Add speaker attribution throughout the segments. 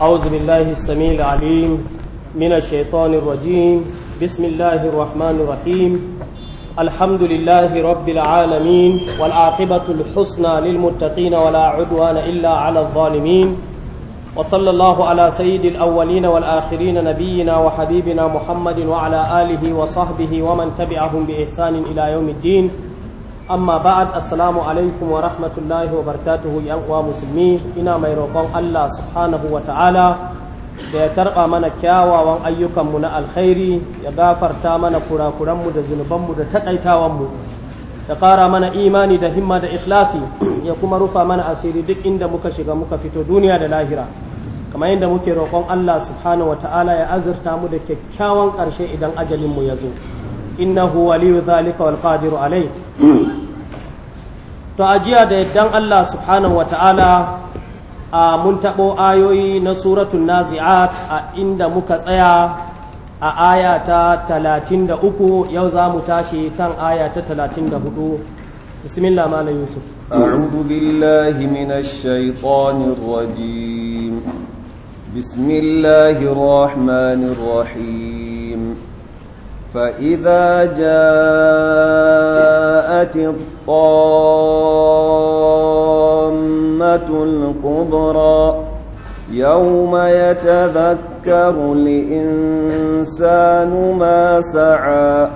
Speaker 1: أعوذ بالله السميع العليم من الشيطان الرجيم بسم الله الرحمن الرحيم الحمد لله رب العالمين والعاقبة الحسنى للمتقين ولا عدوان إلا على الظالمين وصلى الله على سيد الأولين والآخرين نبينا وحبيبنا محمد وعلى آله وصحبه ومن تبعهم بإحسان إلى يوم الدين amma ba'ad assalamu alaikum wa rahmatullahi wa barakatuhu yan uwa musulmi ina mai roƙon Allah subhanahu wa ta'ala da ya tarba mana kyawawan ayyukanmu na alkhairi ya gafarta mana kurakuranmu da zunubanmu da taƙaitawanmu ya ƙara mana imani da himma da ikhlasi ya kuma rufa mana asiri duk inda muka shiga muka fito duniya da lahira kamar yadda muke roƙon Allah subhanahu wa ta'ala ya azurta mu da kyakkyawan ƙarshe idan ajalinmu ya zo innahu waliyu zalika wal alai to a jiya da yaddan Allah subhanahu wa ta'ala a mun taɓo ayoyi na suratun nazi'at a inda muka tsaya a aya ta talatin da uku yau za mu tashi kan aya ta talatin da hudu bismillah mala yusuf
Speaker 2: a'udhu billahi minash shaitanir rajim bismillahir rahmanir rahim فإذا جاءت الطامة الكبرى
Speaker 1: يوم
Speaker 2: يتذكر الإنسان ما سعى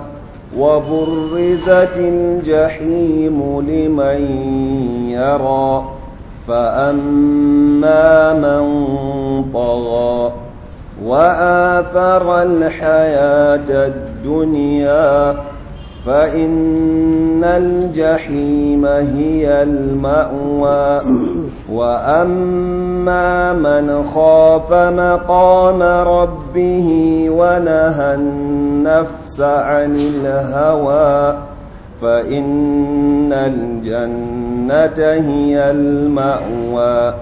Speaker 2: وبرزت الجحيم لمن يرى فأما من طغى وآثر الحياة الدنيا فإن الجحيم هي المأوى وأما من خاف مقام ربه ونهى النفس عن الهوى فإن الجنة هي المأوى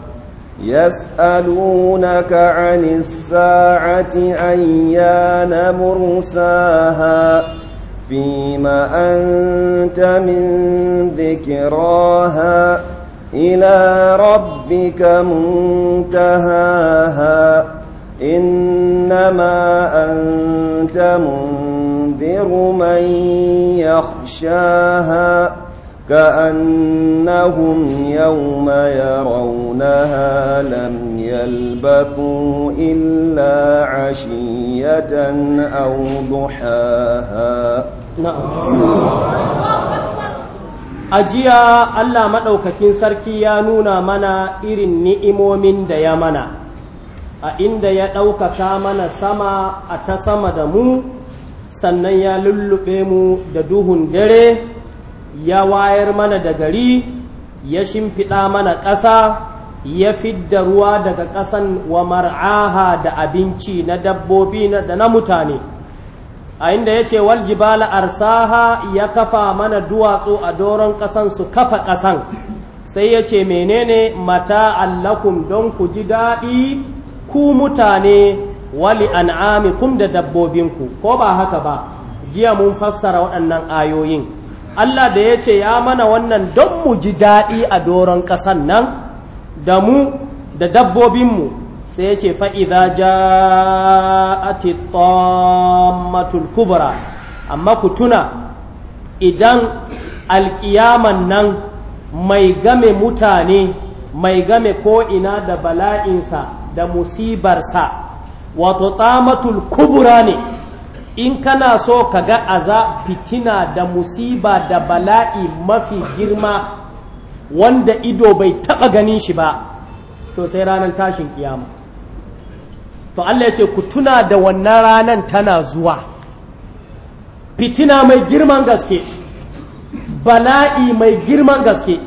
Speaker 2: يسألونك عن الساعة أيان مرساها فيما أنت من ذكراها إلى ربك منتهاها إنما أنت منذر من يخشاها كأنهم يوم يرونها لم يلبثوا إلا عشية أو ضحاها
Speaker 1: a jiya Allah maɗaukakin sarki ya nuna mana irin ni'imomin da ya mana a inda ya ɗaukaka mana sama a ta sama da mu sannan ya lullube mu da duhun dare ya wayar mana da gari ya shimfiɗa mana ƙasa ya fidda ruwa daga ƙasan wa mar'aha da abinci na dabbobi da na mutane a inda ya ce waljibala arsaha ya kafa mana duwatsu a doron ƙasan su kafa ƙasan sai ya ce menene mata allakum don ku ji daɗi ku mutane wali an'amikum da dabbobinku ko ba haka ba jiya mun fassara waɗannan ayoyin Allah da ya ce ya mana wannan don mu ji daɗi a doron ƙasan nan da mu da dabbobinmu sai ya ce fa'iza a tsammatul kubra amma ku tuna idan alƙiyaman nan mai game mutane mai game ko'ina da bala'insa da musibarsa wato tsammatul kubra ne in kana so ka ga aza fitina da musiba da bala'i mafi girma wanda ido bai taɓa ganin shi ba to sai ranar tashin kiyama to Allah ya ce ku tuna da wannan ranar tana zuwa fitina mai girman gaske bala'i mai girman gaske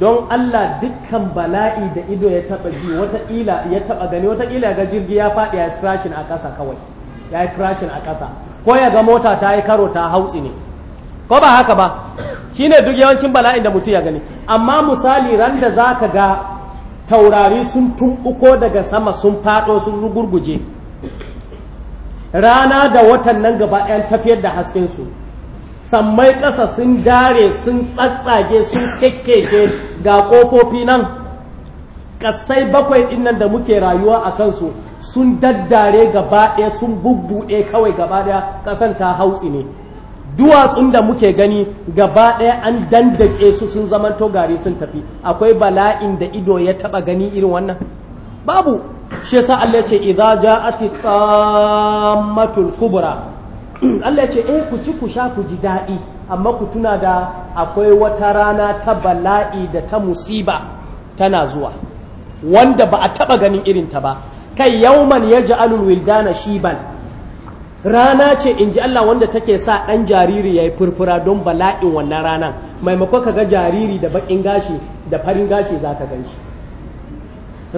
Speaker 1: don Allah dukkan bala'i da ido ya taɓa ji wataƙila ya taba gani ga jirgi ya faɗi ya a ƙasa kawai ya yi crashing a ƙasa ko ya ga mota ta yi karo ta hautsi ne ko ba haka ba shi ne duk yawancin bala'in da mutum ya gani amma misali ran da za ka ga taurari sun tumbuko daga sama sun faɗo sun gurguje rana da watan nan gaba yan tafiyar da haskensu sammai ƙasa sun dare sun tsatsage sun kekkeshe ga ƙofofi nan ƙasai bakwai ɗin nan da muke rayuwa a kansu sun daddare gaba ɗaya sun bubbuɗe kawai gaba ɗaya ƙasan ta hautsi ne duwatsun da muke gani gaba ɗaya an dandake su sun zamanto gari sun tafi akwai bala'in da ido ya taɓa gani irin wannan babu shi sa Allah ce idza ja'ati tammatul kubra Allah ce eh ku ci ku sha ku ji daɗi amma ku tuna da akwai wata rana ta bala'i da ta musiba tana zuwa wanda ba a taɓa ganin irin ta ba kai yauman ya ji wildana shiban rana ce in ji Allah wanda take sa ɗan jariri ya yi furfura don bala'in wannan ranar maimakon ka ga jariri da baƙin gashi da farin gashi za ka gan shi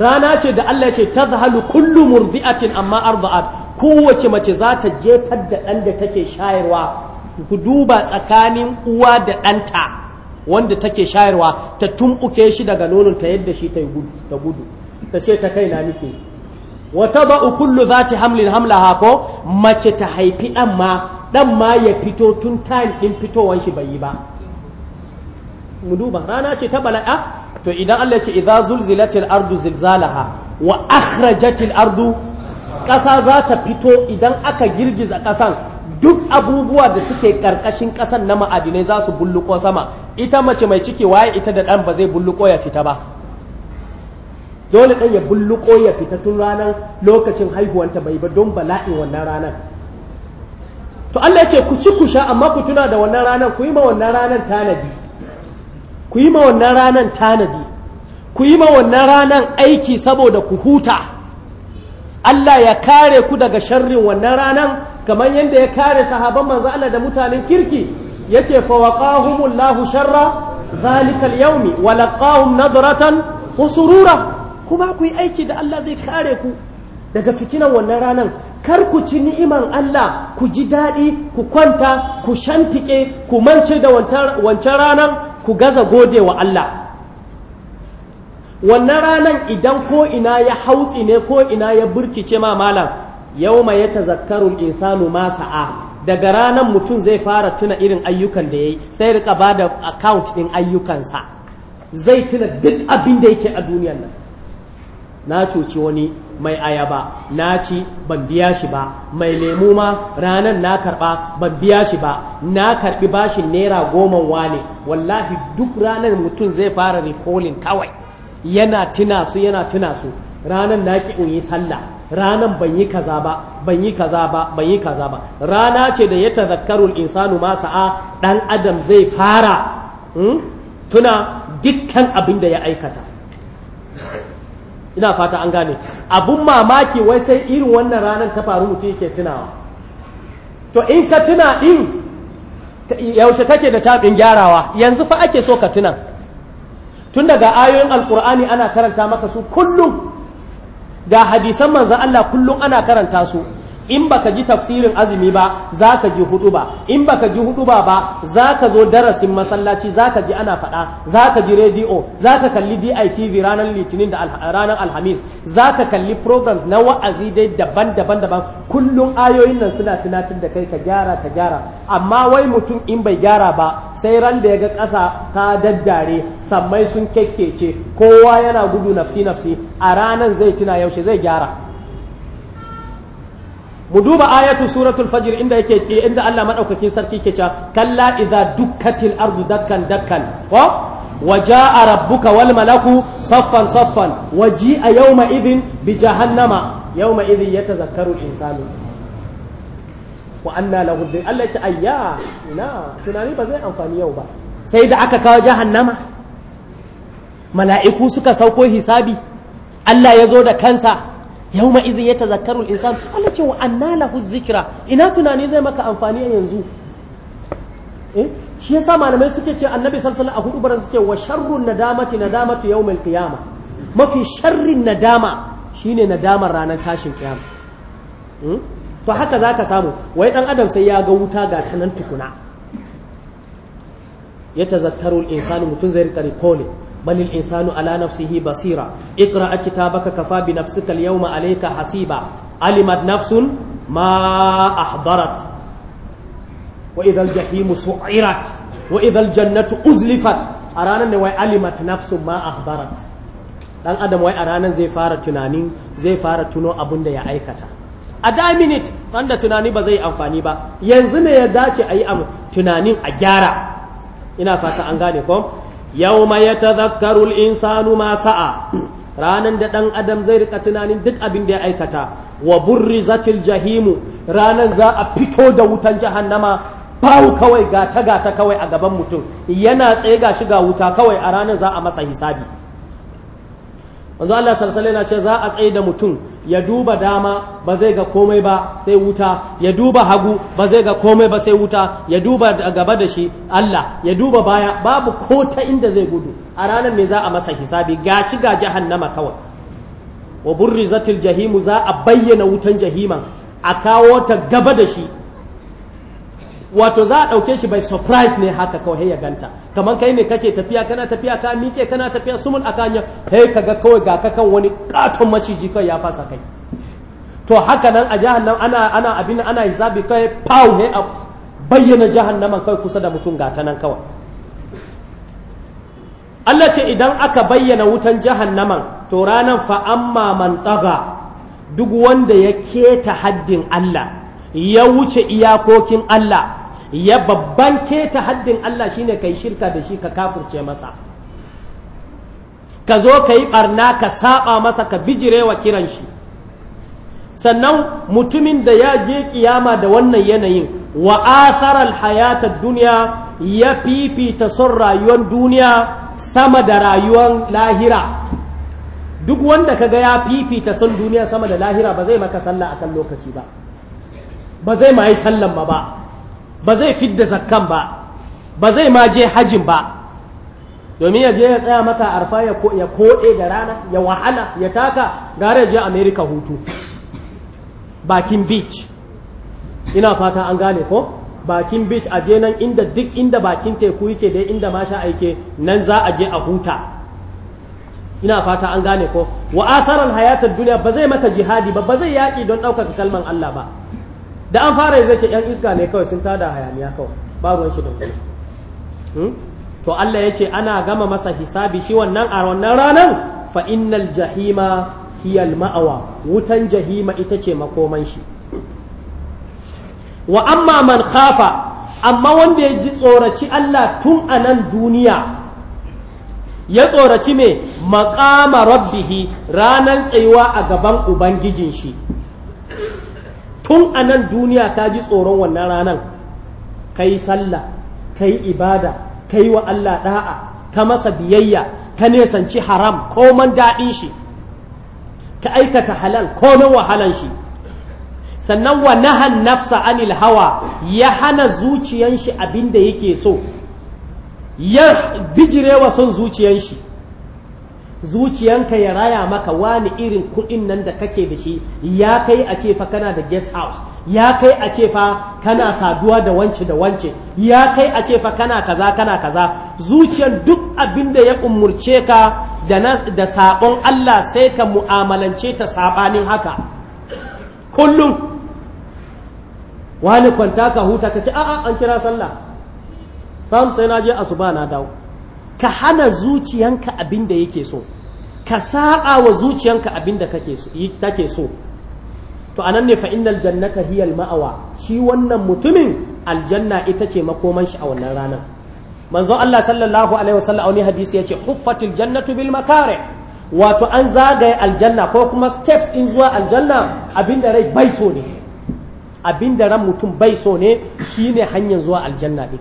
Speaker 1: rana ce da Allah ce ta zahalu kullu murdi'atin amma arda'at kowace mace za ta jefar da ɗan da take shayarwa ku duba tsakanin uwa da ɗanta wanda take shayarwa ta tumɓuke shi daga ta yadda shi ta gudu ta ce ta kaina nike wata ba ba'u kullu ta hamlin hamla ko mace ta haifi ɗan ma ɗan ma ya fito tun time ɗin fitowar shi bai yi ba mu duba rana ce ta bala'a to idan Allah ce idza zulzilatil ardu zilzalaha wa akhrajatil ardu ƙasa za ta fito idan aka girgiza ƙasan duk abubuwa da suke ƙarƙashin ƙasan na ma'adinai za su bulluko sama ita mace mai ciki waye ita da ɗan ba zai bulluko ya fita ba dole ɗan ya bulluko ya fita tun ranar lokacin haihuwanta bai ba don bala'in wannan ranar to Allah ya ce ku ci ku sha amma ku tuna da wannan ranar ku yi ma wannan ranar tanadi ku yi ma wannan ranar tanadi ku yi ma wannan ranar aiki saboda ku huta Allah ya kare ku daga sharrin wannan ranar kamar yadda ya kare sahaban manzo Allah da mutanen kirki yace fa waqahumullahu sharra zalikal yawmi wa laqahum nadratan wa surura kuma ku yi aiki da Allah zai kare ku daga fitinan wannan ranar kar ku ci ni'iman Allah ku ji daɗi ku kwanta ku shantike ku mance da wancan ranar ku gaza gode wa Allah wannan ranar idan ko ina ya hautsi ne ko ina ya burkice ma malam ma ya ta zakarun insanu ma sa'a daga ranar mutum zai fara tuna irin ayyukan da ya yi sai rika ba da account ɗin ayyukansa zai tuna duk abin da yake a duniyar nan na cuci wani mai ayaba na ci ban biya shi ba mai lemu ma ranar na karba ban biya shi ba na karbi bashin naira goma wane wallahi duk ranar mutum zai fara recalling kawai yana tuna su yana tuna su ranar na ki yi sallah ranar ban yi kaza ba ban yi kaza ba ban yi kaza ba rana ce da ya tazakkarul insanu ma sa'a dan adam zai fara hmm, tuna dukkan abin da ya aikata ina fata an gane abun mamaki wai sai irin wannan ranar ta faru mutum yake tunawa to in ka tuna in yaushe take da tabin gyarawa yanzu fa ake so ka tuna tun daga ayoyin alkur'ani ana karanta maka su kullum ga hadisan manzan Allah kullum ana karanta su in baka ji tafsirin azumi ba za ka ji hudu ba in baka ji hudu ba ba za ka zo darasin masallaci za ka ji ana faɗa za ka ji rediyo za ka kalli DITV ranar litinin da ranar alhamis za ka kalli programs na wa'azi dai daban-daban daban kullum ayoyin nan suna tunatar da kai ka gyara ka gyara amma wai mutum in bai gyara ba sai ran da ya ga ƙasa ta daddare sammai sun kekkece kowa yana gudu nafsi nafsi a ranan zai tuna yaushe zai gyara mu duba ayatu suratul fajr inda yake inda Allah madaukaki sarki ke cewa kalla idza dukkatil ardu dakkan dakkan wa waja'a rabbuka wal malaku saffan saffan waji'a yawma idhin bi jahannama yawma idhi yatazakkaru insanu wa anna lahu Allah ce ayya ina tunani ba zai amfani yau ba sai da aka kawo jahannama mala'iku suka sauko hisabi Allah ya zo da kansa yau ma izin ya tazakkarul insan Allah ce wa anna lahu zikira ina tunani zai maka amfani a yanzu eh? shi yasa malamai suke ce annabi sallallahu alaihi wasallam a hudu suke wa sharrun nadamati nadamatu yawmal qiyama mafi sharrin nadama shine nadamar ranar tashin kiyama hmm? to haka zaka samu wai dan adam sai ya ga wuta ga tanan tukuna ya tazakkarul insani mutum zai rika recalling بل الإنسان على نفسه بصيرا اقرأ كتابك كفى بنفسك اليوم عليك حسيبا علمت نفس ما أحضرت وإذا الجحيم سعرت وإذا الجنة أزلفت أرانا وي علمت نفس ما أحضرت dan adam wai a ranar zai fara tunanin zai fara tuno abin da ya aikata a da minit wanda tunani ba zai amfani ba yanzu ne ya dace a yi tunanin a gyara ina fata an gane ko yawma yatadhakkaru al-insanu ma sa'a ranar da ɗan adam zai rika tunanin duk abin da ya aikata wa burrizatil jahimu ranar za a fito da wutan jahannama bawu kawai gata gata kawai a gaban mutum yana tsaye ga ga wuta kawai a ranar za a masa hisabi manzo Allah sallallahu alaihi wasallam za a tsaye da mutum ya duba dama ba zai ga komai ba sai wuta ya duba hagu ba zai ga komai ba sai wuta ya duba gaba da shi Allah ya duba baya babu ko ta inda zai gudu a ranar me za a masa hisabi gashi ga jahannama kawai wa burrizatil jahimu za a bayyana wutan jahiman a kawo ta gaba da shi wato za a ɗauke shi bai surprise ne haka kawai ya ganta kamar kai ne kake tafiya kana tafiya ka miƙe kana tafiya sumul a kanya hey ka ga kawai ga kakan wani ƙaton maciji kawai ya fasa kai to haka nan a jihar ana ana abin ana zabi kawai pow ne a bayyana jihar jahannaman kawai kusa da mutum gata nan kawai Allah ce idan aka bayyana wutan jihar jahannaman to ranan fa amma man tsaga duk wanda ya keta haddin Allah ya wuce iyakokin Allah ya babban keta haddin Allah shine kai shirka da shi ka kafurce masa ka zo ka yi barna ka saba masa ka bijirewa kiran shi sannan mutumin da ya je kiyama da wannan yanayin wa asarar hayatar duniya ya fifita son rayuwar duniya sama da rayuwar lahira duk wanda ka kaga ya fifita son duniya sama da lahira ba zai maka sallah akan lokaci ba ba zai ma yi sallan ma ba ba zai fidda zakkan ba ba zai ma je hajin ba domin ya je ya tsaya maka arfa ya koɗe da rana ya wahala ya taka gara ya je america hutu bakin beach ina fata an gane ko bakin beach a je nan inda duk inda bakin teku yake dai inda ma sha aike nan za a je a huta ina fata an gane ko wa hayatar duniya ba zai maka jihadi ba ba zai yaƙi don ɗaukaka kalman Allah ba da an fara zai ce yan iska ne kawai sun tada hayaniya kawai babu shi da wani hmm? to Allah ya ce ana gama masa hisabi shi wannan a wannan ranar fa jahima hiyal ma'awa wutan jahima ita ce makoman shi wa amma man khafa amma wanda ya ji tsoraci Allah tun a nan duniya ya tsoraci mai maƙama rabbihi ranar tsayuwa a gaban ubangijin shi tun a nan duniya ka ji tsoron wannan ranar Kayi sallah kayi ibada kai wa Allah da'a ka masa biyayya ka nesanci haram ko man daɗin shi ka aikata halal ko na wahalan shi sannan wa nahan nafsa anil hawa ya hana zuciyan shi abin da yake so ya bijire wa son zuciyan shi zuciyanka ya raya maka wani irin kuɗin nan da kake da shi ya kai a ce fa kana da guest house ya kai a ce fa kana saduwa da wance da wance ya kai a ce fa kana kaza kana kaza zuciyar duk abin da ya umurce ka da sabon Allah sai ka mu'amalance ta sabanin haka kullum wani kwanta ka huta ka ce a'a an kira sallah sam sai na je asuba na dawo ka hana zuciyanka abin da yake so ka saba wa zuciyanka abin da take so to anan ne fa'inal jannata hiyal ma'awa shi wannan mutumin aljanna ita ce makoman shi a wannan ranar manzo Allah sallallahu alaihi wasallam wani hadisi yace huffatil jannatu bil makare wato an zagaye aljanna ko kuma steps in zuwa aljanna abinda rai bai so ne abinda ran mutum bai so ne shine hanyar zuwa aljanna din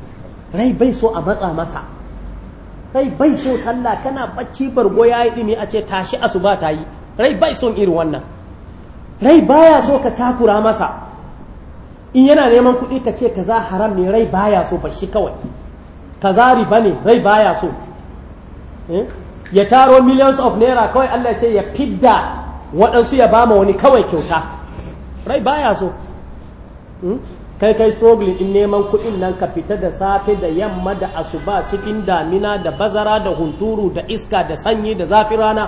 Speaker 1: rai bai so a matsa masa rai bai so sallah kana bacci bargo ya yi dumi a ce tashi asuba ta yi rai bai son irin wannan rai baya so ka takura masa in yana neman kuɗi ka ce kaza haram ne rai baya so bashi kawai kaza riba ne rai baya so eh? ya taro millions of naira kawai Allah ce ya fidda waɗansu ya bama wani kawai kyauta rai baya so hmm? kai kai struggling in neman kuɗin nan ka fita da safe da yamma da asuba cikin damina da bazara da hunturu da iska da sanyi da zafi rana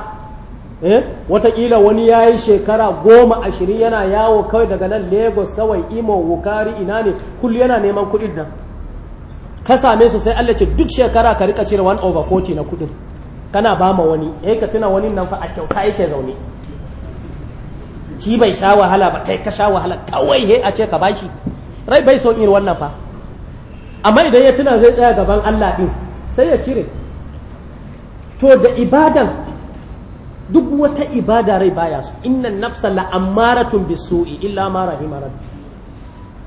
Speaker 1: eh watakila wani ya yi shekara goma ashirin yana yawo kawai daga nan lagos kawai imo wukari ina ne kullu yana neman kuɗin nan ka same su sai allah ce duk shekara ka rika cire 1 over 40 na kuɗin kana ba ma wani eh ka tuna wani nan fa a kyauta yake zaune ki bai sha wahala ba kai ka sha wahala kawai he a ce ka bashi rai bai son irin wannan fa amma idan ya tuna zai tsaya gaban Allah din sai ya cire to da ibadan duk wata ibada rai baya su innan nafsa bi bisu'i illa ma rahima rabbi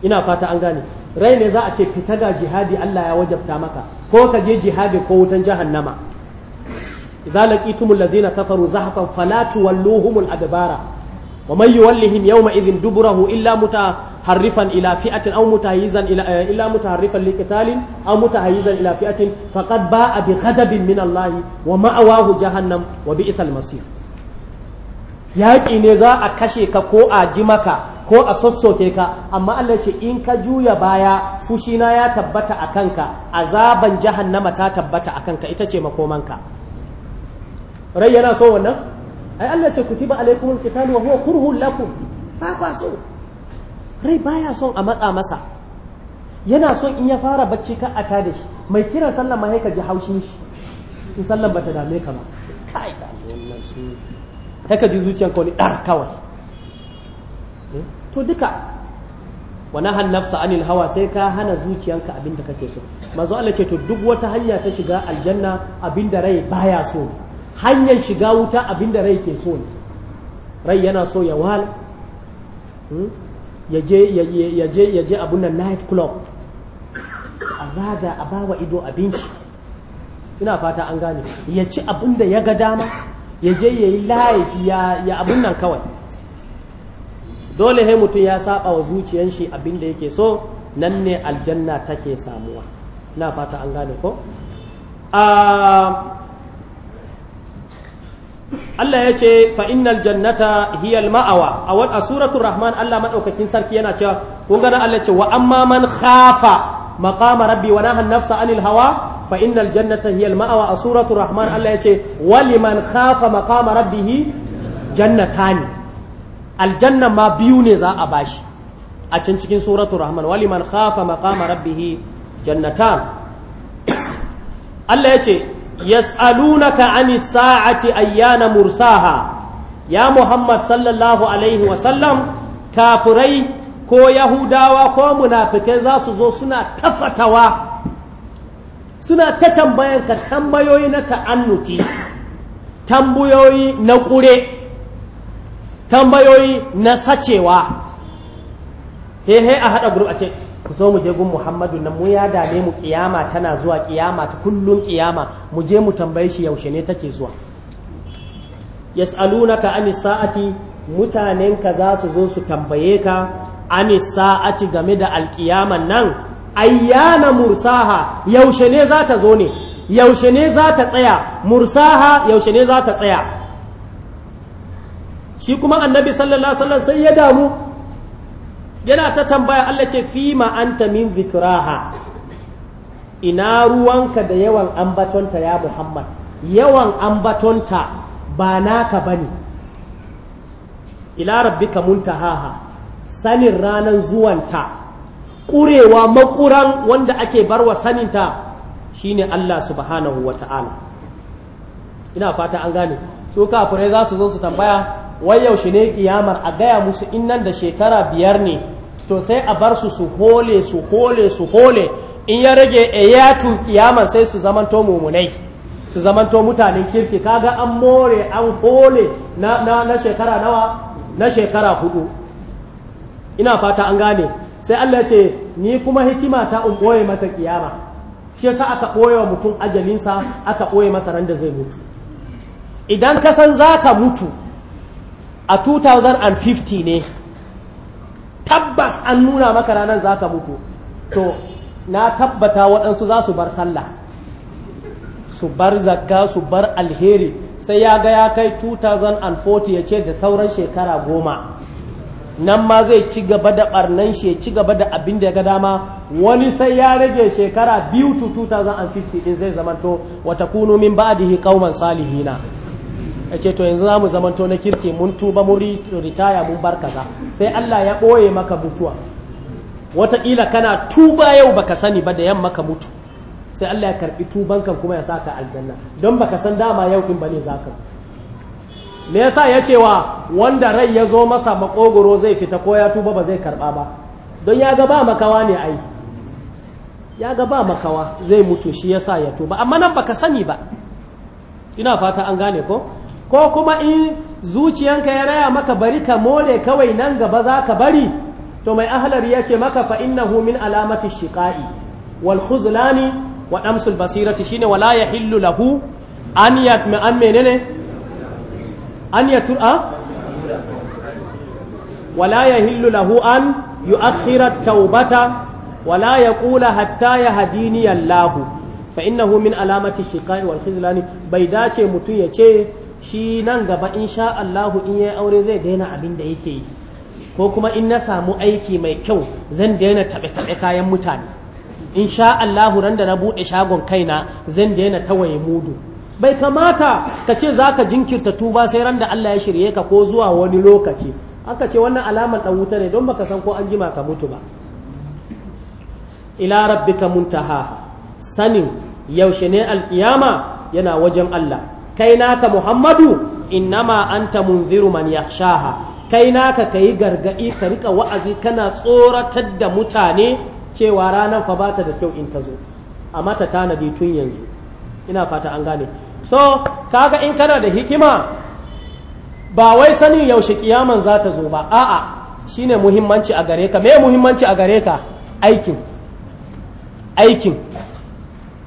Speaker 1: ina fata an gane rai ne za a ce fita ga jihadi Allah ya wajabta maka ko ka je jihadi ko wutan jahannama idza laqitumul ladzina kafaru zahfan fala tuwalluhumul adbara wa man yuwallihim yawma idhin duburahu illa mutaharrifan ila fi'atin aw ila eh, illa mutaharrifan liqitalin aw bi ghadabin min Allah wa ma'awahu jahannam wa bi'sal masir yaƙi ne za a kashe ka ko a ji maka ko a sassoke ka amma Allah ce in ka juya baya fushi na ya tabbata a kanka azaban jahannama ta tabbata a kanka ita ce makomanka rai yana so wannan ai Allah ce kutiba alaikumul qital wa huwa kurhul lakum ba kwa so rai baya son a matsa masa yana son in ya fara bacci ka ata da shi mai kiran sallan ma ka ji haushin shi in sallan bata dame ka ba kai da wannan su haka ji zuciyar ka wani dar kawai eh? to duka wa nahan nafsa anil hawa sai ka hana zuciyanka abinda kake so manzo Allah ce to duk wata hanya ta shiga aljanna abinda rai baya so hanyar shiga wuta abinda rai ke so ne rai yana so ya wala hmm, ya je abun nan night club a zaga a bawa ido abinci ina fata an gane ya ci abun da ya ga dama ya je ya yi laifi ya abun nan kawai dole sai mutum ya saba wa zuciyan shi abin da yake so nan ne aljanna take samuwa ina fata an gane ko a ah, Allah ya ce fa jannata hiyal ma'awa a wata suratul rahman Allah madaukakin sarki yana cewa kun ga Allah ce wa amma man khafa maqama rabbi wa nafsa anil hawa fa innal jannata hiyal ma'awa a suratul rahman Allah ya ce wa liman khafa maqama rabbih jannatani aljanna ma biyu ne za a bashi a can cikin suratul rahman wa liman khafa maqama rabbih jannatan Allah ya ce yas'alunaka ani sa'ati ayyana mursaha ya Muhammad sallallahu alaihi sallam kafirai ko yahudawa ko munafikai za su zo suna tafatawa suna ta tambayan ka tambayoyi na ta'annuti tambayoyi na ƙure tambayoyi na sacewa he he a hada gurbace ku zo mu je gun Muhammadu nan mu ya dame mu kiyama tana zuwa kiyama ta kullum kiyama mu je mu tambaye shi yaushe ne take zuwa yas'alunaka anis sa'ati mutanen ka za su zo su tambaye ka anis sa'ati game da alƙiyama nan ayyana mursaha yaushe ne za ta zo ne yaushe ne za ta tsaya mursaha yaushe ne za ta tsaya shi kuma annabi sallallahu alaihi wasallam sai ya damu yana ta tambaya Allah ce fi ma'anta min zikraha ina ruwanka da yawan ambatonta ya Muhammad yawan ambatonta ba naka bane ila rabbika muntahaha sanin ranan zuwanta kurewa makuran wanda ake barwa saninta shine Allah subhanahu wata'ala ina fata an gane su kafirai za su zo su tambaya wai yaushe ne kiyamar a gaya musu innan da shekara biyar ne to sai a bar su su hole su hole su hole in ya rage yatu kiyamar sai su zamanto mumunai su zamanto mutanen kirki kaga an more an hole na, na, na shekara nawa na shekara hudu ina fata an gane sai Allah ya ce ni kuma hikima ta in boye mata kiyama shi yasa aka boye wa mutum ajalinsa aka boye masa ran da zai mutu idan ka san zaka mutu a 2050 ne tabbas an nuna maka ranar za ka mutu to na tabbata waɗansu za su bar sallah su bar zakka su bar alheri sai ya ga ya kai 2040 ya ce da sauran shekara goma nan ma zai ci gaba da barnan shi ci gaba da abin da ya ga dama wani sai ya rage shekara biyu to 2050 din zai zamanto wata kunu min ba'dihi qauman salihina a ce to yanzu za mu zamanto na kirki mun tuba mun ritaya mun bar kaza sai Allah ya ɓoye maka mutuwa wataƙila kana tuba yau baka sani ba da yamma ka mutu sai Allah ya karbi tuban ka kuma ya sa ka aljanna don baka san dama yau in bane za ka me yasa ya ce wa wanda rai ya zo masa makogoro zai fita ko ya tuba ba zai karɓa ba don ya ga ba makawa ne ai ya ga ba makawa zai mutu shi yasa ya tuba amma nan baka sani ba ina fata an gane ko ko kuma in zuciyanka ya raya maka bari ka more kawai nan gaba za ka bari to mai ahalar ya ce maka fa innahu min alamati shiqa'i wal khuzlani wa damsul basirati shine wala yahillu lahu an yatma an menene an yatura wala yahillu lahu an yu'akhkhira taubata wala yaqula hatta yahdini Allahu fa innahu min alamati shiqa'i wal khuzlani bai dace mutun ya ce shi nan gaba insha Allahu in ya aure zai daina abin da yake yi ko kuma in na samu aiki mai kyau zan daina taɓe-taɓe kayan mutane insha Allahu ran da na buɗe shagon kaina zan daina tawaye mudu bai kamata ka ce za ka jinkirta tuba sai ran da Allah ya shirye ka ko zuwa wani lokaci aka ce wannan alamar ɗan wuta ne don baka san ko an jima ka mutu ba ila rabbika muntaha sanin yaushe ne alkiyama yana wajen Allah kai naka muhammadu innama anta munziru man yakhshaha kai naka yi gargadi ka rika wa'azi kana tsoratar da mutane cewa ranar fa bata da kyau in ta zo a mata tanadi tun yanzu ina fata an gane so kaga in kana da hikima ba wai sanin yaushe kiyaman za ta zo ba a'a shine muhimmanci a gare ka me muhimmanci a gare ka aikin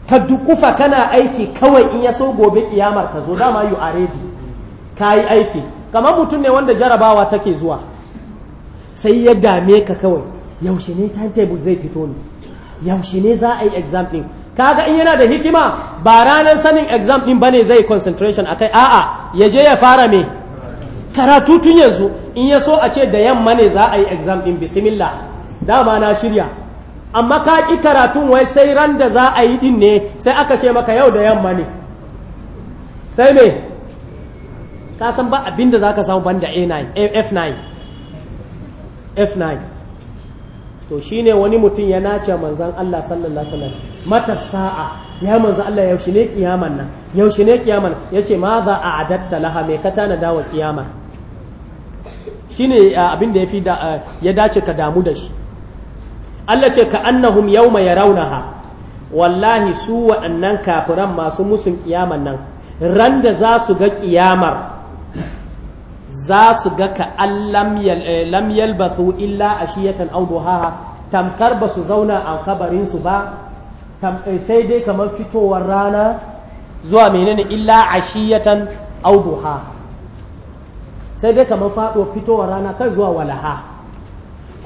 Speaker 1: ka dukufa kana aiki kawai in ya so gobe kiyamar ka zo dama you are ready ka yi aiki kamar mutum ne wanda jarabawa take zuwa sai ya dame ka kawai yaushe ne timetable zai fito ne yaushe ne za a yi exam kaga in yana da hikima ba ranar sanin exam ɗin ne zai concentration akai a'a ya je ya fara me karatu tun yanzu in ya so a ce da yamma ne za a yi exam ɗin bismillah dama na shirya amma ka ƙi karatun wai sai ran da za a yi din ne sai aka ce maka yau da yamma ne sai me ka san ba abin da za ka samu banda A9 F9 F9 to shine wani mutum ya nace manzon Allah sallallahu alaihi wasallam mata sa'a ya manzon Allah yaushe ne kiyaman nan yaushe ne kiyaman yace ma za a adatta laha me ka tana dawa kiyama shine abin da yafi ya dace ka damu da shi Allah ce ka annahum yawma yarawnaha wallahi su waɗannan kafiran masu musun kiyaman nan ran da za su ga kiyamar za su ga ka allam eh, lam yalbathu illa ashiyatan aw duhaha tamkar ba su zauna a kabarin su ba eh, sai dai kamar fitowar rana zuwa menene illa ashiyatan aw duhaha sai dai kamar faɗo fitowar rana kai zuwa walaha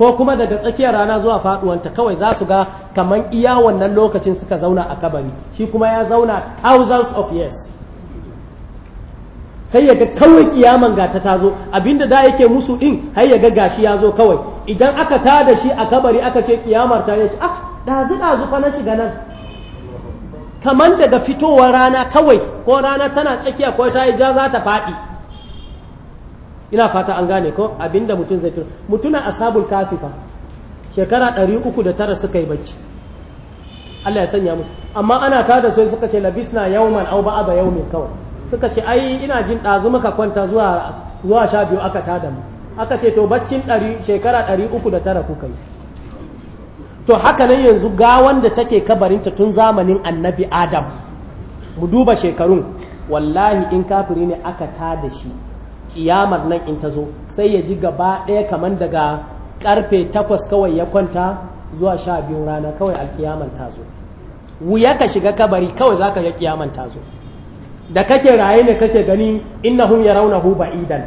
Speaker 1: ko kuma daga tsakiyar rana zuwa faduwanta kawai za su ga kamar iya wannan lokacin suka zauna a kabari shi kuma ya zauna thousands of years sai yaga kawai kiyaman gata ta zo abinda da yake musu din har ya gashi ya zo kawai idan aka ta da shi a kabari aka ce kiyamar ta yace ah dazu dazu fa na shiga nan kaman daga fitowar rana kawai ko rana tana tsakiya ko ta yi ja za ta faɗi ina fata an gane ko abinda mutum zai tuna mutuna ashabul kafifa shekara 309 suka yi bacci Allah ya sanya musu amma ana tada sai suka ce labisna yawman aw ba'da yawmin kawai suka ce ai ina jin dazu muka kwanta zuwa zuwa sha biyu aka tada mu aka ce to baccin ɗari shekara 309 kuka yi to haka nan yanzu ga wanda take kabarinta tun zamanin annabi adam mu duba shekarun wallahi in kafiri ne aka tada shi kiyamar nan in ta zo sai ya ji gaba ɗaya kamar daga ƙarfe takwas kawai ya kwanta zuwa sha biyun rana kawai alkiyaman ta zo wuya ka shiga kabari kawai za ka ga kiyaman ta zo da kake raye ne kake gani ya raunahu huba idan.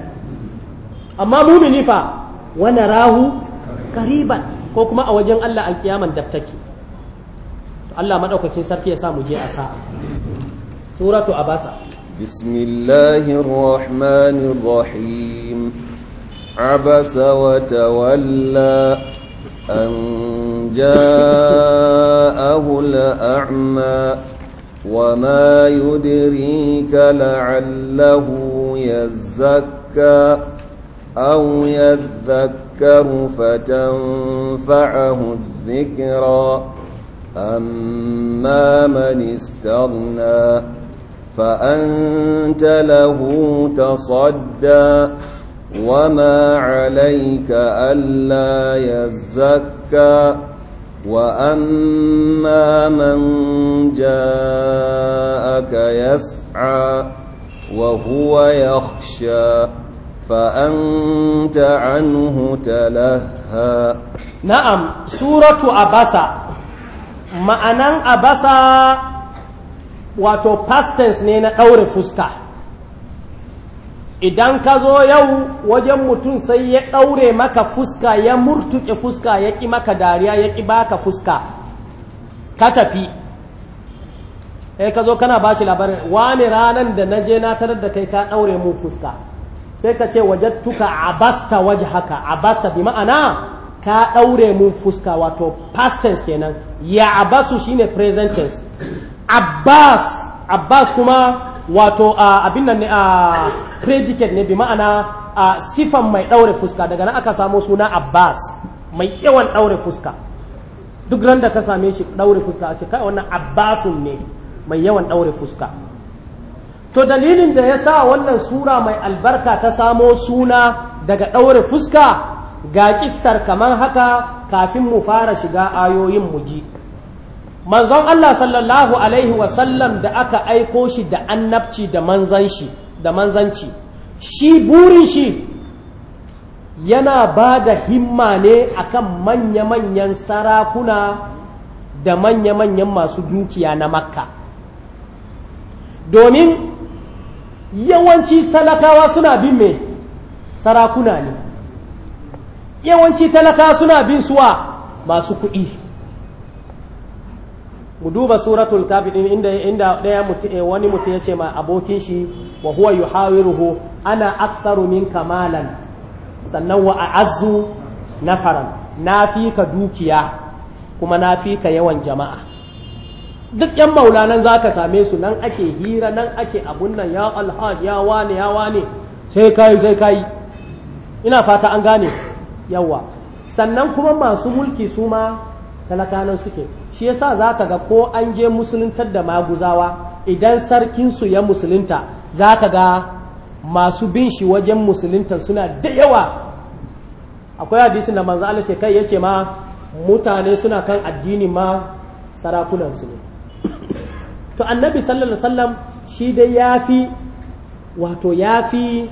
Speaker 1: amma mumini fa wani rahu kariban ko kuma a wajen Allah alkiyaman daftake Allah maɗaukakin sarki ya sa mu je a sa'a suratu abasa
Speaker 2: بسم الله الرحمن الرحيم عبس وتولى أن جاءه الأعمى وما يدريك لعله يزكى أو يذكر فتنفعه الذكرى أما من استغنى فأنت له تصدى وما عليك ألا يزكى وأما من جاءك يسعى وهو يخشى فأنت عنه
Speaker 1: تلهى نعم سورة أبسا ma'anan abasa wato past ne na ɗaure fuska idan ka zo yau wajen mutum sai ya ɗaure maka fuska ya murtuke fuska ya ƙi maka dariya ya ƙi baka fuska ka tafi sai ka zo kana ba shi labarin wani ranar da na je na tarar da kai ka ɗaure mu fuska sai ka ce a abasta waje haka a basta bi ma'ana ka ɗaure mu fuska wato past tense kenan ya abasu shine present tense abbas abbas kuma wato abin nan ne a predicate ne bi ma'ana a sifan mai ɗaure fuska daga nan aka samo suna abbas mai yawan ɗaure fuska duk ran da ka same shi ɗaure fuska a ce kai wannan abbasun ne mai yawan ɗaure fuska to dalilin da ya sa wannan sura mai albarka ta samo suna daga ɗaure fuska ga kistar kamar haka kafin mu fara shiga ayoyin mu ji manzon Allah sallallahu alaihi wasallam da aka aiko shi da annabci da shi da manzanci shi burin shi yana ba da himma ne akan manya-manyan sarakuna da manya-manyan masu dukiya na makka domin yawanci talakawa suna bin me sarakuna ne yawanci talakawa suna bin suwa masu kuɗi mu duba suratul kafi din inda inda daya mutu eh, wani mutu yace ma abokin shi wa huwa yuhawiruhu ana aktsaru min kamalan sannan wa a'azzu nafaran na ka dukiya kuma na yawan jama'a duk yan maulanan zaka same su nan ake hira nan ake abun nan ya alhaj ya wane ya wani sai kai sai kai ina fata an gane yawa sannan kuma masu mulki su ma talakanan suke shi yasa za ka ga ko an je musuluntar da maguzawa idan sarkinsu ya musulunta za ka ga masu bin shi wajen musuluntar suna da yawa akwai hadisi da manzo Allah ce kai yace ma mutane suna kan addini ma sarakunansu ne to annabi sallallahu alaihi wasallam shi dai yafi wato yafi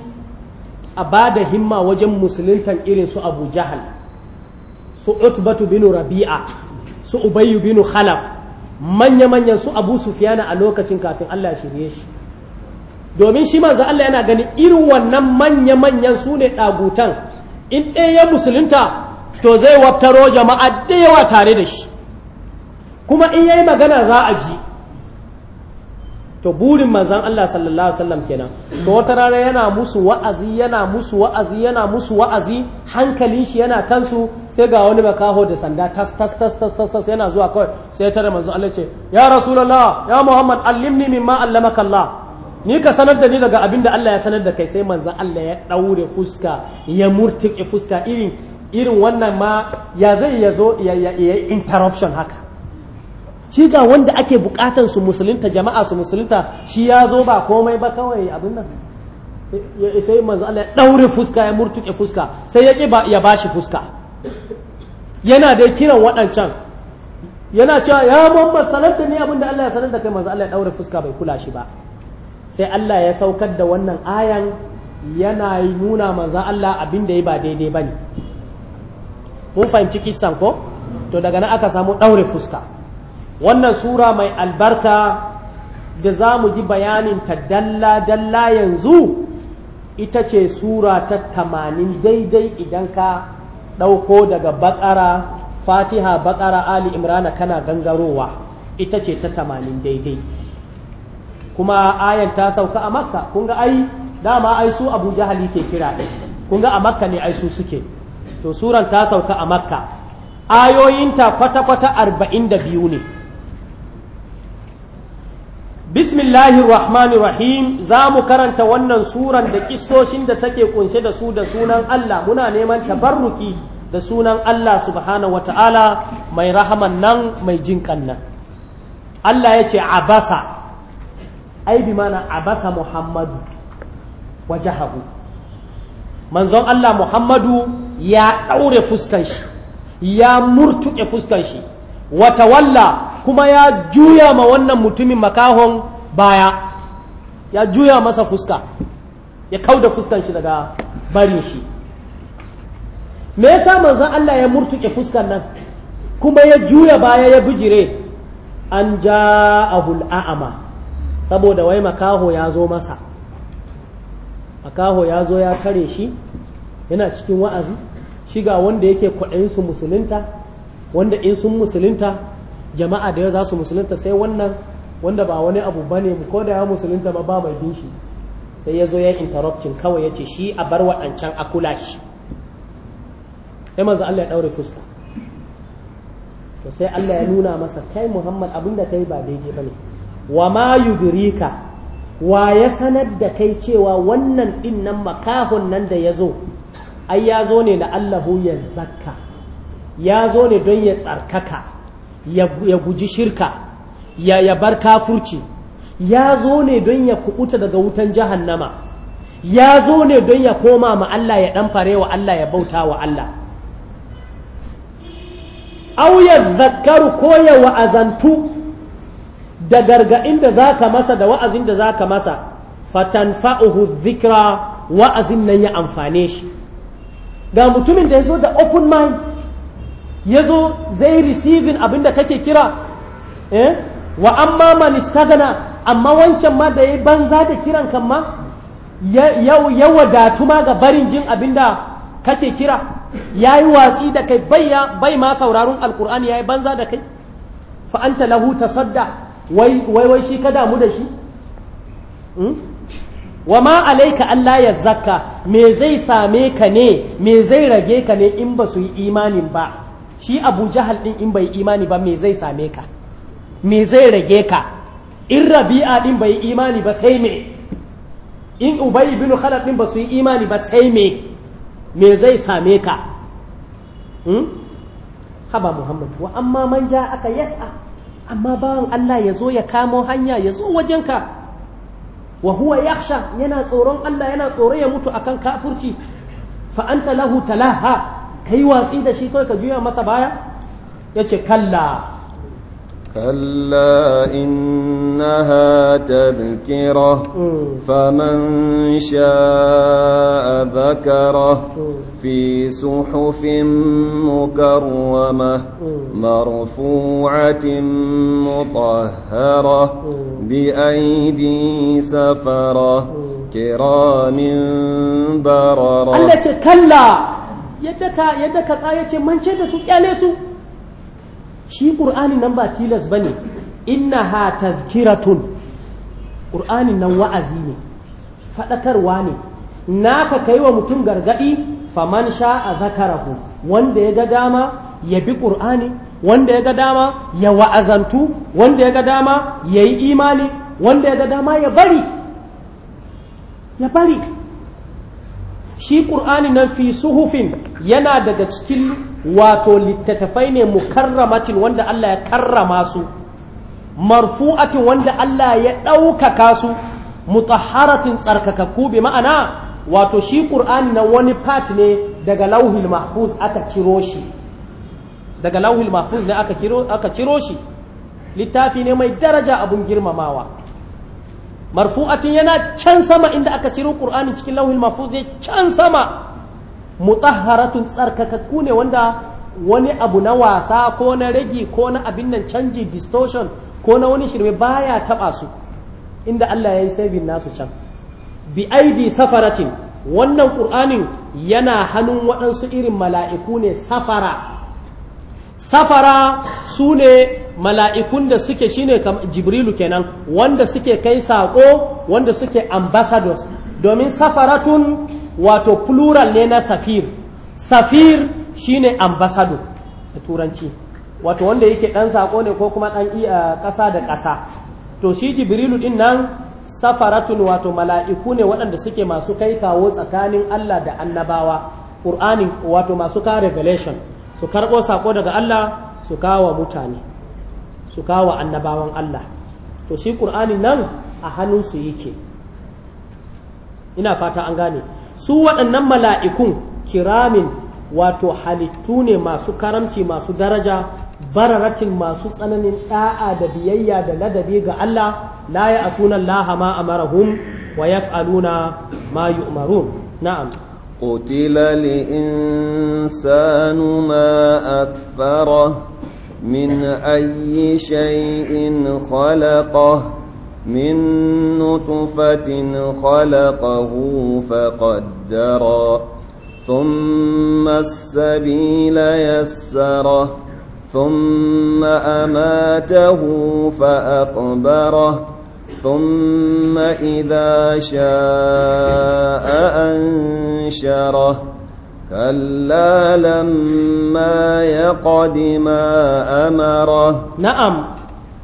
Speaker 1: a ba da himma wajen musuluntan irinsu su abu jahal su utbatu bin rabi'a su ubayyu binu khalaf manya-manyan su abu sufiyana a lokacin kafin Allah ya shirye shi domin shi manzo Allah yana gani irin wannan manya-manyan su ne ɗagutan in ɗaya ya musulunta to zai wabtaro jama'a da yawa tare da shi kuma in yayi magana za a ji to burin manzan Allah sallallahu alaihi wasallam kenan to wata rana yana musu wa'azi yana musu wa'azi yana musu wa'azi hankalin shi yana kansu sai ga wani makaho da sanda tas tas tas tas tas, yana zuwa kawai sai tare manzan Allah ce ya rasulullah ya muhammad allimni mimma allamaka Allah ni ka sanar da ni daga abin da Allah ya sanar da kai sai manzan Allah ya daure fuska ya murtike fuska irin irin wannan ma ya zai ya zo ya interruption haka shi ga wanda ake bukatan su musulunta jama'a su musulunta shi ya zo ba komai ba kawai abin nan sai manzo Allah ya daure fuska ya murtuke fuska sai ya ya bashi fuska yana da kiran waɗancan yana cewa ya Muhammad salanta ne da Allah ya sanar da kai manzo Allah ya daure fuska bai kula shi ba sai Allah ya saukar da wannan ayan yana nuna manzo Allah abin da ya ba daidai bane mun fahimci kisan ko to daga nan aka samu daure fuska wannan sura mai albarka da za mu ji bayaninta dalla-dalla yanzu ita ce sura ta tamanin daidai idan ka ɗauko daga bakara fatiha bakara ali imrana kana gangarowa ita ce ta tamanin daidai kuma ayan ta sauka a makka kun ga ai dama ai su abu jahali ke kira kun ga a makka ne ai su suke to suran ta sauka a makka ayoyinta kwata-kwata arba'in da biyu ne bismillahi za mu karanta wannan suran da kisoshin da take kunshe da su da sunan Allah muna neman tabarruki da sunan Allah subhanahu wata'ala mai rahaman nan mai jinƙan nan Allah ya ce abasa ai bi mana abasa Muhammadu hagu manzon Allah Muhammadu ya ɗaure fuskan ya murtuke fuskan shi wata walla kuma ya juya ma wannan mutumin makahon baya ya juya masa fuska ya da fuskan shi daga barin shi me yasa manzon Allah ya murtuke fuskan nan kuma ya juya baya ya bijire an ja a hul’a'ama saboda wai makaho ya zo masa makaho ya zo ya tare shi yana cikin wa'azi shiga wanda yake kwaɗayin su musulunta wanda in sun musulunta jama'a da yau za su musulunta sai wannan wanda ba wani abu bane ko da ya musulunta ba ba mai binshi sai ya zo ya interrupting kawai ya ce shi a bar waɗancan a kula shi sai manzo Allah ya daure fuska to sai Allah ya nuna masa kai Muhammad abinda kai ba daidai bane wa ma yudrika wa ya sanar da kai cewa wannan din nan makahon nan da ya zo ai ya zo ne la'allahu ya zakka ya zo ne don ya tsarkaka ya guji shirka ya bar kafurci ya zo ne don ya kubuta daga wutan jahannama ya zo ne don ya koma ma Allah ya dan farewa Allah ya bauta wa Allah au ya zakaru ko ya wa'azantu da gargaɗin da za ka masa da wa'azin da za ka masa fatan fa'uhu zikra wa'azin nan ya amfane shi ga mutumin da ya zo da open mind ya zo zai receiving abinda kake kira eh wa amma man istagana amma wancan ma da ya banza da kiran kan ma ya wadatu ma ga barin jin abinda kake kira ya yi watsi da kai bai ma sauraron alkur'ani ya yi banza da kai fa'anta lahu ta sadda wai wai shi ka damu da shi hmm? wa ma alaika Allah ya zakka me zai same ka ne me zai rage ka ne in ba su yi imanin ba shi abu jahal din in bai imani ba me zai same ka me zai rage ka in rabi'a din bai imani ba sai me in ubai ibn khalaf din ba su yi imani ba sai me me zai same ka hmm? haba muhammad wa amma man ja aka yasa amma bawan Allah ya zo ya kamo hanya ya zo wajenka wa huwa yakhsha yana tsoron Allah yana tsoro ya mutu akan kafurci fa anta lahu talaha ka yi watsi da shi kawai ka juya masa baya ya kalla
Speaker 2: kalla inna ha tadkira mm. faman sha'a zakara mm. fi suhufin mukarwama mm. marfu'atin mutahhara bi aidi safara kiramin barara an ce kalla
Speaker 1: yadda ka yadda ka ce mance da su kyale su shi ƙur'ani nan ba tilas bane innaha tazkiratun Ƙur'ani nan wa'azi ne fadakarwa ne naka kai wa mutum gargadi faman a zakarahu wanda ya ga dama ya bi ƙur'ani. wanda ya ga dama ya wa'azantu wanda ya ga dama ya yi imani wanda ya ga dama ya bari ya bari shi ƙur'ani nan fi suhufin yana daga cikin wato littattafai ne mukarramatin wanda Allah ya karrama su marfu'atin wanda Allah ya ɗaukaka su mutaharatin tsarkakakku bi ma'ana wato shi ƙur'ani nan wani part ne daga lauhil mahfuz aka ciro shi daga lauhil mahfuz ne aka ciro shi littafi ne mai daraja abun girmamawa marfu'atin yana can sama inda aka ciro qur'ani cikin lauhin mahfuz ne can sama mutahharatun tsarkakakku ne wanda wani abu na wasa ko na ragi ko na abin nan canji distortion ko na wani shirme baya taba su inda Allah ya yi saving nasu can bi aidi safaratin wannan qur'anin yana hannun waɗansu irin mala'iku ne safara safara su ne mala'ikun da suke shine jibrilu kenan wanda suke kai saƙo wanda suke ambassadors domin safaratun wato plural ne na safir safir shine ambassador da turanci wato wanda yake ɗan saƙo ne ko kuma ɗan iya ƙasa da ƙasa to shi jibrilu ɗin nan safaratun wato mala'iku ne waɗanda suke masu kai kawo tsakanin allah da annabawa ƙur'anin wato masu kare revelation su karɓo saƙo daga allah su kawo mutane su kawo annabawan Allah to shi ƙur'anin nan a hannunsu yake ina fata an gane su waɗannan mala'ikun kiramin wato halittu ne masu karamci masu daraja bararatin masu tsananin ɗa'a da biyayya da ladabi ga Allah la ya sunan laha ma amarahum wa yaf'aluna ma yu'marun na'am
Speaker 2: قتل الإنسان ما أكفره من أي شيء خلقه من نطفة خلقه فقدره ثم السبيل يسره ثم أماته فأقبره ثم إذا شاء أنشره كلا لما
Speaker 1: يقض ما أمره نعم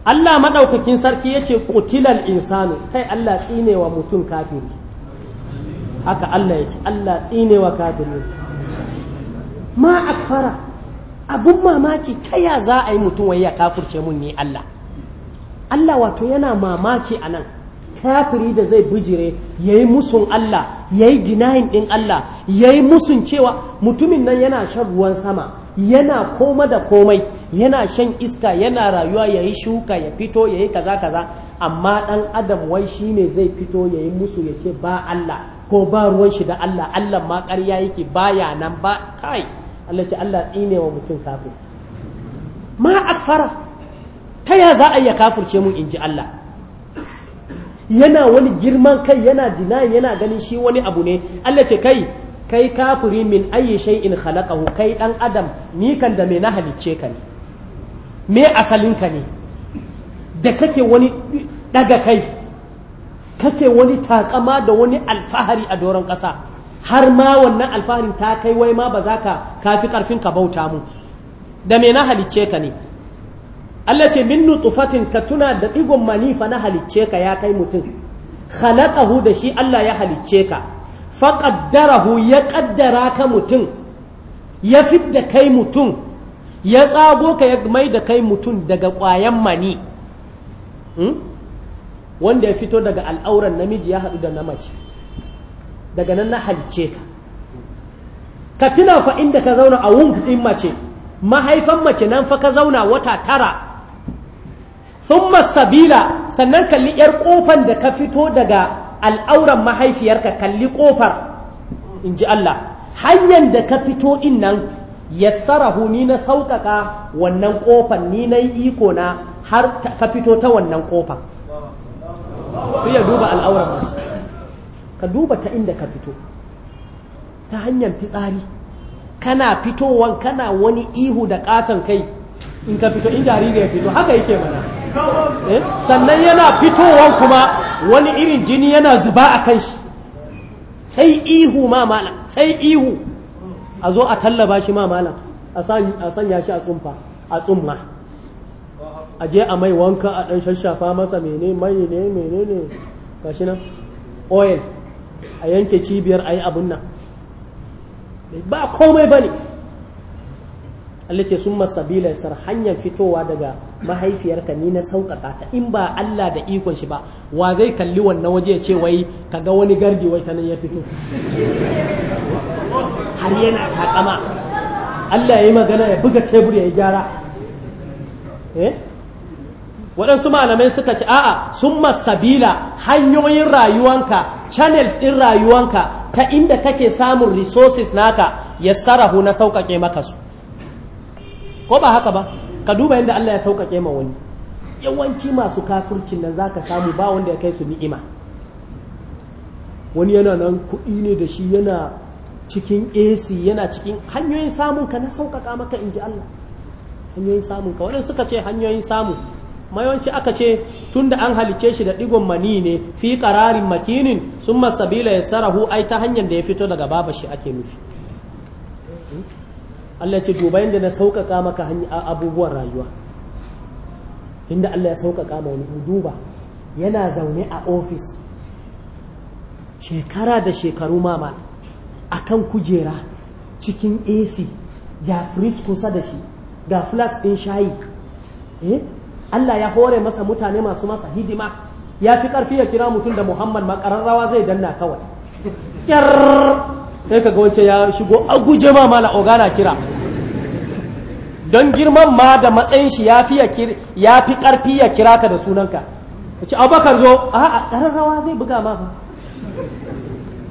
Speaker 1: Allah maɗaukakin sarki ya ce kutilal insanu kai Allah tsinewa mutum kafiri haka Allah ya ce Allah tsinewa kafiri ma akfara abun mamaki ta ya za a yi mutum wai ya kafurce mun ne Allah Allah wato yana mamaki a nan kafiri da zai bijire yi musun Allah ya yi denying ɗin Allah ya yi musun cewa mutumin nan yana shan ruwan sama yana koma da komai yana shan iska yana rayuwa ya yi shuka ya fito ya yi kaza kaza amma ɗan adam wai shi ne zai fito ya yi musu ya ce ba Allah ko ba ruwan shi da Allah Allah ma ƙarya yake baya nan ba kai Allah ce Allah tsine wa mutum kafir ma akfara ta ya za a iya kafirce mu in ji Allah yana wani girman kai yana dina yana ganin shi wani abu ne Allah ce kai kai kafiri min ayi in khalaqahu kai dan adam ni kan da me na halicce ka ne me asalin ka ne da kake wani daga kai kake wani takama da wani alfahari a doron ƙasa har ma wannan alfahari ta kai wai ma ba za ka kafi karfin ka bauta mu da me na halicce ka ne Allah ce min nutfatin ka tuna da ɗigon manifa na halicce ka ya kai mutum khalaqahu da shi Allah ya halicce ka qaddarahu ya qaddara ka mutum ya fidda kai mutum ya tsago ka ya mai da kai mutum daga ƙwayan mani hmm? wanda ya fito daga al'auran namiji ya haɗu da na mace daga nan na halicce ka ka tuna fa inda ka zauna a wun ɗin mace mahaifan mace nan fa ka zauna wata tara sun sabila sannan kalli yar ƙofan da ka fito daga al'auran mahaifiyarka kalli ƙofar in ji Allah hanyar da ka fito in nan yassarahu ni na sauƙaƙa wannan ƙofar ni na yi iko na har ka fito ta wannan ƙofar.
Speaker 3: su ya duba al'auran mace
Speaker 1: ka duba ta inda ka fito ta hanyar fitsari kana fitowan kana wani ihu da katon kai in ka fito in jariri ya fito haka yake mana eh, sannan yana fitowar kuma wani irin jini yana zuba a kan shi sai ihu ma malam sai ihu a zo a tallaba shi ma malam a sanya shi a tsumfa a tsumma a je a mai wanka a ɗan shashafa masa mene mai ne mene ne shi nan oil a yanke cibiyar ayi yi abun nan ba komai ba ne Allah ce sun masabila sar hanyar fitowa daga mahaifiyarka ni na sauƙaƙa ta in ba Allah da ikon shi ba wa zai kalli wannan waje ya ce wai kaga wani gardi wai ta nan ya fito har yana takama Allah ya yi magana ya buga tebur ya yi gyara eh? waɗansu malamai suka ce a'a sun masabila hanyoyin rayuwanka channels ɗin rayuwanka ta inda kake samun resources naka ya sarahu na sauƙaƙe maka su ko ba haka ba ka duba yadda Allah ya sauƙaƙe ma wani yawanci masu kafircin nan zaka samu ba wanda ya kai su ni'ima wani yana nan kuɗi ne da shi yana cikin AC yana cikin hanyoyin samun ka na sauƙaƙa maka in ji Allah hanyoyin samun ka wani suka ce hanyoyin samu mayawanci aka ce tun da an halice shi da digon mani ne fi ƙararin makinin sun masabila ya sarahu ai ta hanyar da ya fito daga baba shi ake nufi Allah ce duba inda na sauƙaƙa maka abubuwan rayuwa inda Allah ya sauƙaƙa ma wani duba yana zaune a ofis shekara da shekaru mama a kan kujera cikin AC ga fris kusa da shi ga flax ɗin shayi eh Allah ya hore masa mutane masu masa hijima ya fi ƙarfi ya kira mutum da Muhammad makararrawa zai danna kawai sai kaga wance ya shigo a guje ma mala ogana kira don girman ma da matsayin shi ya fi karfi ya kira ka da sunanka wace bakar zo a a rawa zai buga ma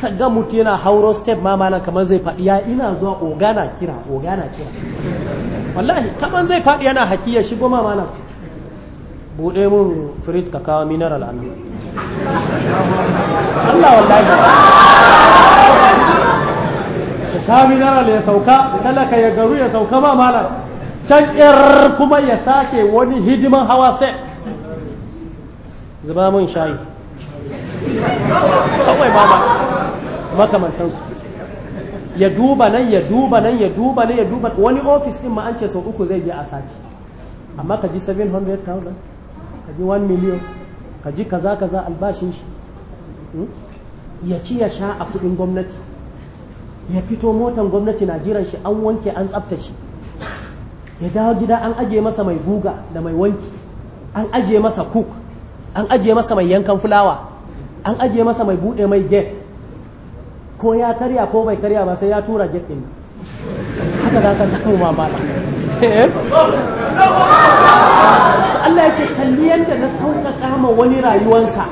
Speaker 1: ka ga mutu yana hauro step ma mala kamar zai faɗi ya ina zuwa ogana kira ogana kira wallahi kamar zai faɗi yana haki ya shigo ma mala buɗe mun frit ka kawo mineral a nan Allah wallahi ya sha mineral ya sauka talaka ya garu ya sauka ba malam can ƙirar kuma ya sake wani hidiman hawa sai. zuba mun shayi
Speaker 3: kawai ba ba makamantansu
Speaker 1: ya duba nan ya duba nan ya duba nan ya duba wani ofis din ma an ce sau uku zai biya a sake amma ka ji 700,000 ka ji 1 miliyan ka ji kaza kaza albashin shi hmm? ya ci ya sha a kudin gwamnati ya fito motan gwamnati na jiran shi an wanke an tsaftace ya dawo gida an aje masa mai guga da mai wanki an aje masa cook an aje masa mai yankan fulawa an aje masa mai bude mai gate ko ya karya ko bai karya ba sai ya tura gate din haka za ka samu mamala eh? Allah ya ce kalli yadda na sauƙaƙa ma wani rayuwansa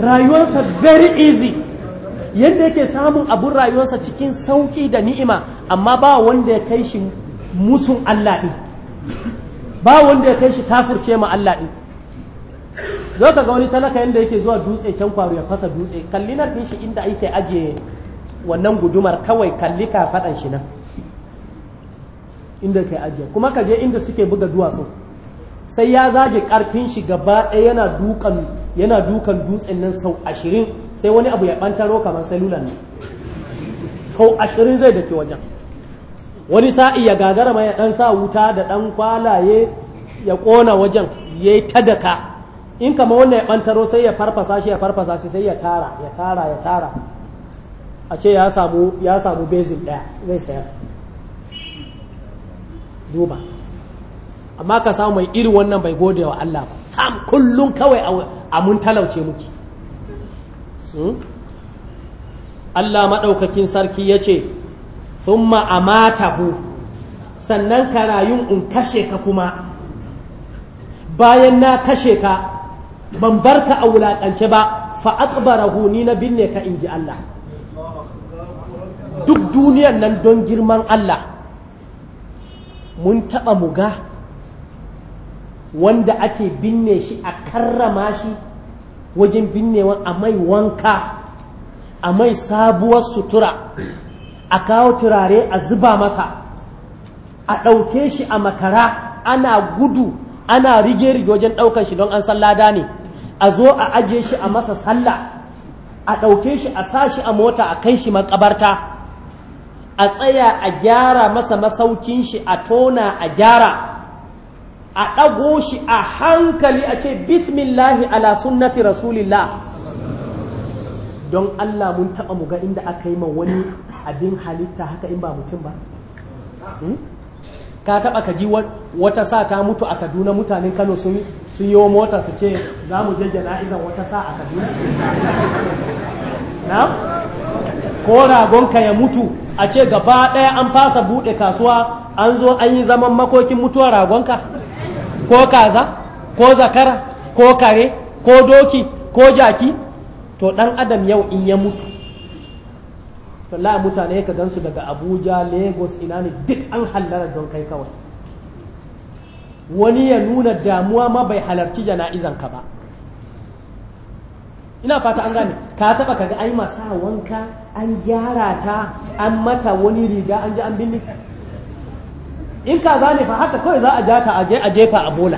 Speaker 1: rayuwansa very easy yadda yake samun abun rayuwarsa cikin sauki da ni'ima amma ba wanda ya kai shi musun Allah ɗin ba wanda ya kai shi kafirce ma Allah ɗin zo ka ga wani talaka yadda yake zuwa dutse can kwaro ya fasa dutse kalli na shi inda ake ajiye wannan gudumar kawai kalli ka faɗan shi nan inda kai ajiye kuma ka je inda suke buga duwatsu sai ya zage karfin shi gaba ɗaya yana dukan yana dukan dutsen nan sau ashirin sai wani abu ya ɓantaro kamar salulan ne sau ashirin zai dake wajen wani sa'i ya gagara mai ya ɗan sa wuta da ɗan kwalaye ya ƙona wajen ya yi ta daka in kama wannan ya ɓantaro sai ya farfasa shi ya farfasa shi sai ya tara ya tara ya tara a ce ya samu ya samu bezin ɗaya zai sayar duba amma ka samu mai irin wannan bai gode wa Allah ba sam kullum kawai a mun talauce muke Hmm? Allah maɗaukakin sarki ya ce thumma hu, sannan ka rayun in kashe ka kuma bayan na kashe ka ban bar ka a wulaƙance ba fa aqbarahu ni na binne ka in ji Allah duk duniyan nan don girman Allah mun taɓa muga wanda ake binne shi a karrama shi wajen binnewa a mai wanka a mai sabuwar sutura a kawo turare a zuba masa a ɗauke shi a makara ana gudu ana rige-rige wajen ɗaukar shi don an sallada ne a zo a ajiye shi a masa sallah a ɗauke shi a sa shi a mota a kai shi makabarta a tsaya a gyara masa masaukin shi a tona a gyara a ɗago shi a hankali a ce bismillahi ala sunnati rasulillah don Allah mun taɓa muga inda aka yi ma wani abin halitta haka in ba mutum ba hmm? ka taɓa ka ji wata sa ta mutu a kaduna mutanen kano sun yi wa mota su ce za mu je jana'izan wata sa a kaduna na ko ragonka ya mutu a ce gaba ɗaya an fasa buɗe kasuwa an zo an yi zaman makokin mutuwar ragonka ko kaza ko zakara ko kare ko doki ko jaki to dan adam yau in ya mutu wallahi mutane ka gansu daga abuja lagos ina ne duk an hallara don kai kawai wani ya nuna damuwa ma bai halarci jana'izan ka ba ina fata an gane ka taba kaga ai masa wanka an gyara ta an mata wani riga an ji an binne in kaza ne fa haka kawai za a ja je a jefa a bola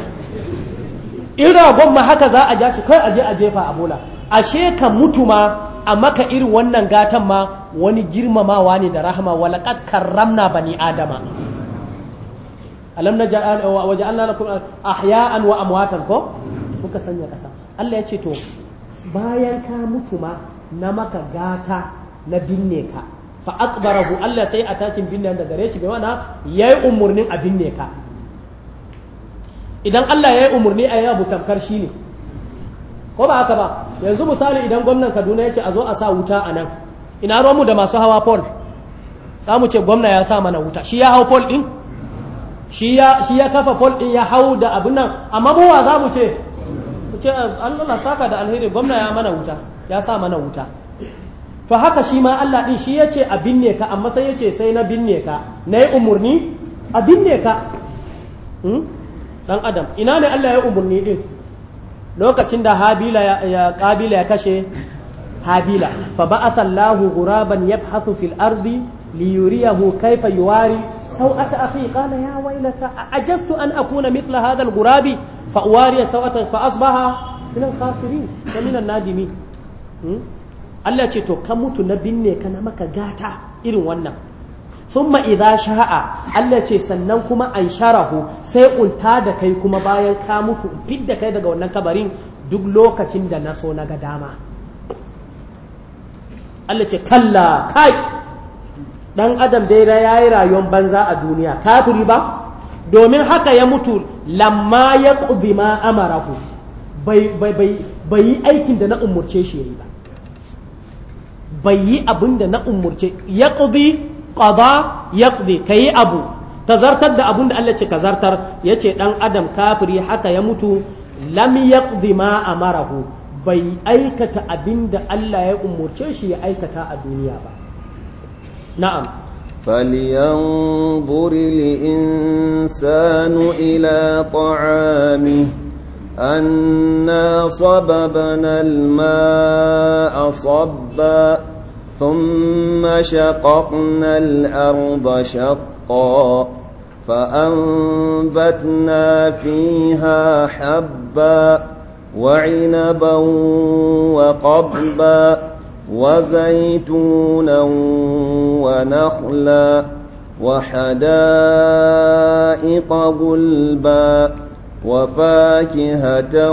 Speaker 1: in ragon ma haka za a ja shi kawai a je a jefa a bola ashe ka mutu ma a maka irin wannan gatan ma wani girmamawa ne da rahama walaƙat karamna bani adama alam na waje an lalakum ahya'an wa amwatan ko kuka sanya ƙasa Allah ya ce to bayan ka mutu ma na maka gata na binne ka fa akbarahu Allah sai attacking binne da gare shi bai wana yayi umurnin a binne ka idan Allah yayi umurni a abu tamkar shi ne ko ba haka ba yanzu misali idan gwamnan Kaduna yace a zo a sa wuta a nan ina ruwanmu da masu hawa pol? za mu ce gwamna ya sa mana wuta shi ya hau pol din shi ya kafa pol din ya hau da abin nan amma mu wa za mu ce ce Allah saka da alheri gwamna ya mana wuta ya sa mana wuta fa haka shi ma Allah ɗin shi yace a binne ka amma sai yace sai na binne ka nayi umurni a binne ka dan hmm? adam ina ne Allah ya umarni din lokacin da Habila ya Kabila ya kashe Habila fa ba'atha Allahu ghuraban yabhathu fil ardi liyuriyahu kaifa yuwari سوءة أخي قال يا ويلتى أعجزت أن أكون مثل هذا الغراب فأواري سوءة فأصبح من الخاسرين ومن النادمين Allah ce to ka mutu na binne ka na maka gata irin wannan thumma idza sha'a Allah ce sannan kuma an sharahu sai unta da kai kuma bayan ka mutu fidda kai daga wannan kabarin duk lokacin da na so na ga dama Allah ce kalla kai dan adam dai yayi rayuwar banza a duniya kafiri ba domin haka ya mutu lamma ya ma amarahu bai yi aikin da na umurce shi yayi ba bai yi abin da na umurce ya ƙudi ƙada ya ƙudi ka yi abu ta zartar da abin da Allah ce ka zartar ya ce ɗan adam kafiri haka ya mutu lam ya ƙudi ma a marahu bai aikata abin da Allah ya umurce shi ya aikata a duniya ba
Speaker 2: na'am فلينظر الإنسان إلى طعامه أنا صببنا الماء صبا ثم شققنا الأرض شقا فأنبتنا فيها حبا وعنبا وقبا وزيتونا ونخلا وحدائق غلبا وفاكهة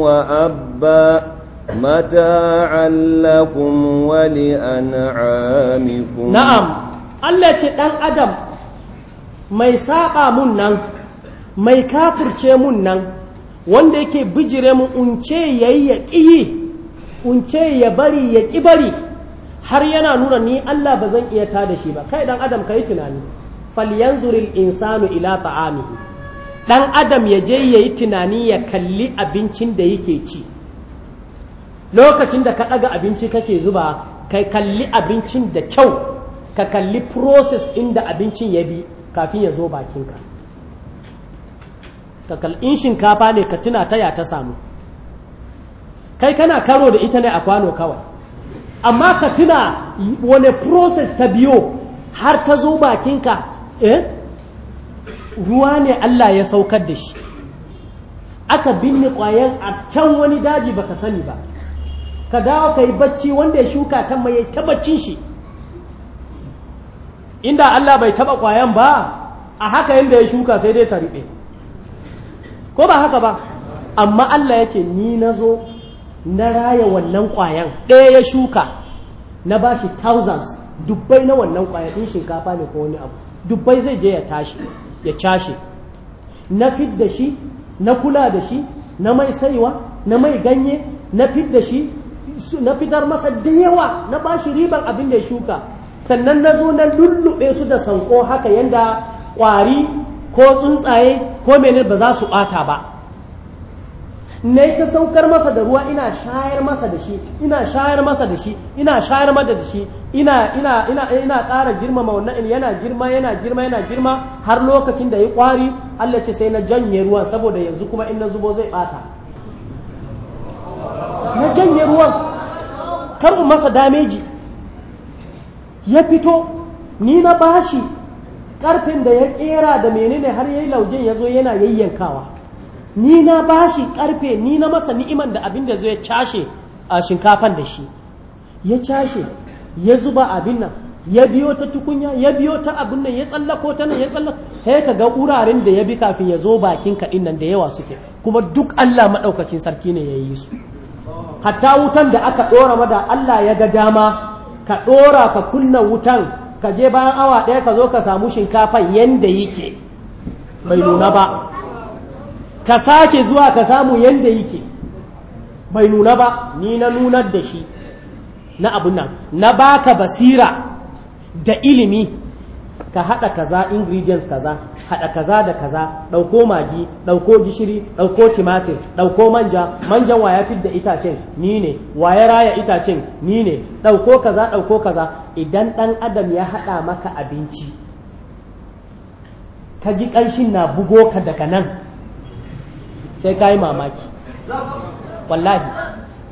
Speaker 2: وأبا mata'an wani wa li'an'amikum na'am
Speaker 1: Allah ce dan adam mai saba mun nan mai kafurce mun nan wanda yake bijire mu unce yayi ya ƙiyi unce ya bari ya ƙi bari har yana nuna ni Allah ba zan iya da shi ba kai dan adam kai tunani falyanzuril insanu ila ta'amihi dan adam ya je yayi tunani ya kalli abincin da yake ci lokacin da ka ɗaga abinci kake zuba ka kalli abincin da kyau ka kalli process inda abincin ya bi kafin ya zo bakinka ka kalli shinkafa ne ka tuna taya ta samu kai kana karo da ita ne a kwano kawai amma ka tuna wane process ta biyo har ta zo bakinka eh? ruwa ne Allah ya saukar da shi aka binne ƙwayan a can wani daji baka sani ba ka dawo ka yi bacci wanda ya shuka ta mai ta baccin shi inda Allah bai taba kwayan ba a haka yadda ya shuka sai dai ta riɓe ko ba haka ba amma Allah ya ce ni na zo na raya wannan kwayan ɗaya ya shuka na ba shi thousands dubbai na wannan kwayan ɗin shinkafa ne ko wani abu dubbai zai je ya tashi ya cashe na fit da shi na kula da shi na mai saiwa na mai ganye na fit da shi na fitar masa da yawa na bashi ribar abin da ya shuka sannan na zo na lullube su da sanko haka yadda kwari ko tsuntsaye ko mene ba za su bata ba na yi ta saukar masa da ruwa ina shayar masa da shi ina shayar masa da shi ina shayar masa da shi ina ina ina ina ƙara girmama wannan yana girma yana girma yana girma har lokacin da ya kwari Allah ce sai na janye ruwan saboda yanzu kuma in na zubo zai ɓata. ya janye ruwan kar masa dameji ya fito ni na bashi karfin da ya ƙera da menene har yayi laujen ya zo yana yayyankawa ni na bashi karfe ni na masa ni'iman da abin da zai cashe a shinkafan da shi ya cashe ya zuba abin nan ya biyo ta tukunya ya biyo ta abin nan ya tsallako ta nan ya tsallako sai ka ga wuraren da ya bi kafin ya zo bakin ka nan da yawa suke kuma duk Allah madaukakin sarki ne ya yi su hatta wutan da aka ɗora mada Allah ya ga dama ka ɗora ka kunna wutan ka je bayan awa ɗaya ka zo ka samu shinkafan yanda yake bai nuna ba ka sake zuwa ka samu yanda yake bai nuna ba ni na nunar da shi na abun nan na baka basira da ilimi ka haɗa kaza ingredients kaza haɗa kaza da kaza ɗauko magi ɗauko gishiri ɗauko timatir ɗauko manja manjan wa ya fidda itacen ni ne wa ya raya itacen ni ne ɗauko kaza ɗauko kaza idan ɗan adam ya haɗa maka abinci ka ji ƙanshin na bugo ka daga nan sai ka yi mamaki wallahi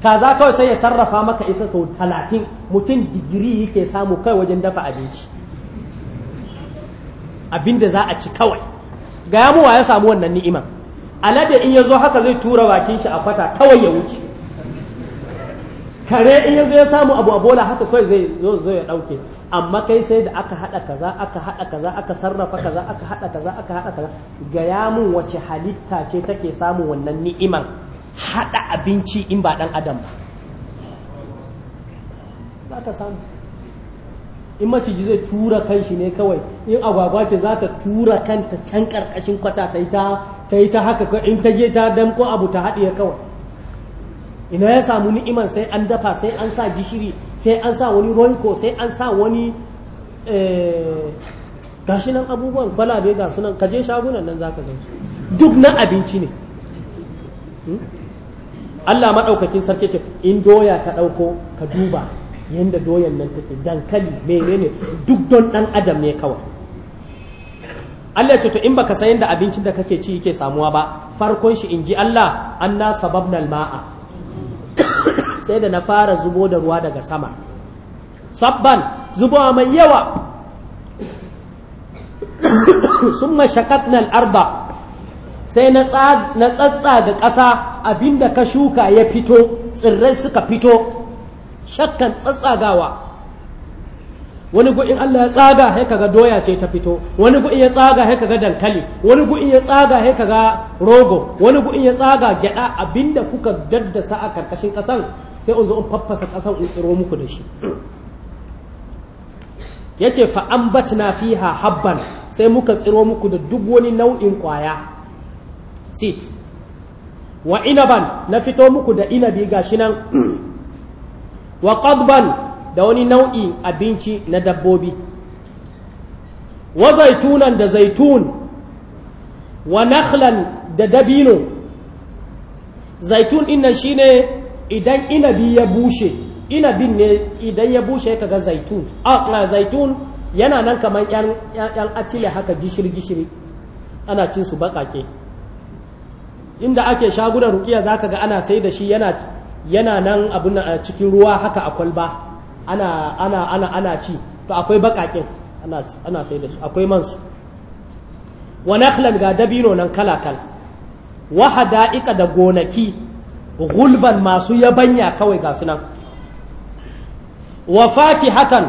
Speaker 1: kaza kawai sai ya sarrafa maka isa to talatin mutum digiri yake samu kai wajen dafa abinci abinda za a ci kawai ga ya muwa ya samu wannan ni'ima alade in yazo haka zai tura bakin shi a kwata kawai ya wuce kare in yazo ya samu abu abola haka kawai zai zo zo ya ɗauke amma kai sai da aka haɗa kaza aka haɗa kaza aka sarrafa kaza aka haɗa kaza aka haɗa kaza ga ya mun wace halitta ce take samu wannan ni'iman haɗa abinci in ba ɗan adam ba za samu in maciji zai tura shi ne kawai in agwagwa ce za ta tura kanta can karkashin kwata ta yi ta ta yi haka in ta je ta dan ko abu ta haɗiye kawai ina ya samu ni'imar sai an dafa sai an sa gishiri sai an sa wani roiko sai an sa wani eh, gashi nan abubuwan kwalabe ga sunan kaje shagunan nan zaka gan su duk na abinci ne hmm? Allah maɗaukakin sarki ce in doya ka ɗauko ka duba yadda doyan nan take dankali menene duk don dan adam ne kawai Allah ce to in baka san yadda abincin da kake ci yake samuwa ba farkon shi in ji Allah anna sababnal ma'a sai da na fara zubo da ruwa daga sama sabban zubowa mai yawa summa shaqatnal arba sai na tsatsa ga ƙasa abinda ka shuka ya fito tsirrai suka fito shakkan tsatsagawa wani gu'in Allah ya tsaga sai kaga doya ce ta fito wani gu'in ya tsaga sai kaga dankali wani gu'in ya tsaga sai kaga rogo wani gu'in ya tsaga gyada abinda kuka daddasa a karkashin kasan sai in zo in faffasa kasan in tsiro muku da shi yace fa ambatna fiha habban sai muka tsiro muku da duk wani nau'in kwaya sit wa inaban na fito muku da inabi gashi nan wa qadban da wani nau'i abinci na dabbobi wa zaitunan da zaitun wa nakhlan da dabino zaitun shi ne idan inabi ya bushe inabin ne idan ya bushe kaga zaitun a zaitun yana nan kamar yan atile haka gishiri gishiri ana cin su baƙaƙe inda ake shagunan rukiya ka ga ana sai da shi yana yana nan abin a cikin ruwa haka a kwalba ana ci to akwai bakakin ana ana sai da su akwai man su wa nakhlan ga dabino nan kala kala wa hada'ika da gonaki gulban masu yabanya kawai ga su nan wa fatihatan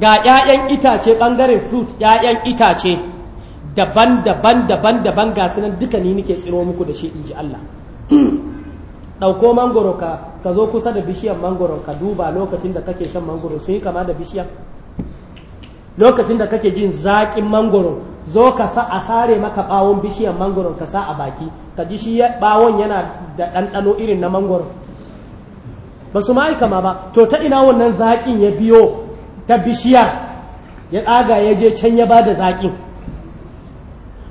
Speaker 1: ga 'ya'yan itace bangaren fruit 'ya'yan itace daban-daban daban-daban ga su nan duka ni nake tsiro muku da shi inji Allah ɗauko mangoro ka ka zo kusa da bishiyan mangoro ka duba lokacin da kake shan mangoro sun yi kama da bishiya lokacin da kake jin zaƙin mangoro zo ka sa a sare maka ɓawon bishiyan mangoro ka sa a baki ka ji shi ɓawon yana da ɗanɗano irin na mangoro ba su ma'aikama ba to ta ina wannan zaƙin ya biyo ta bishiyar ya ɗaga ya je can ya ba da zaƙin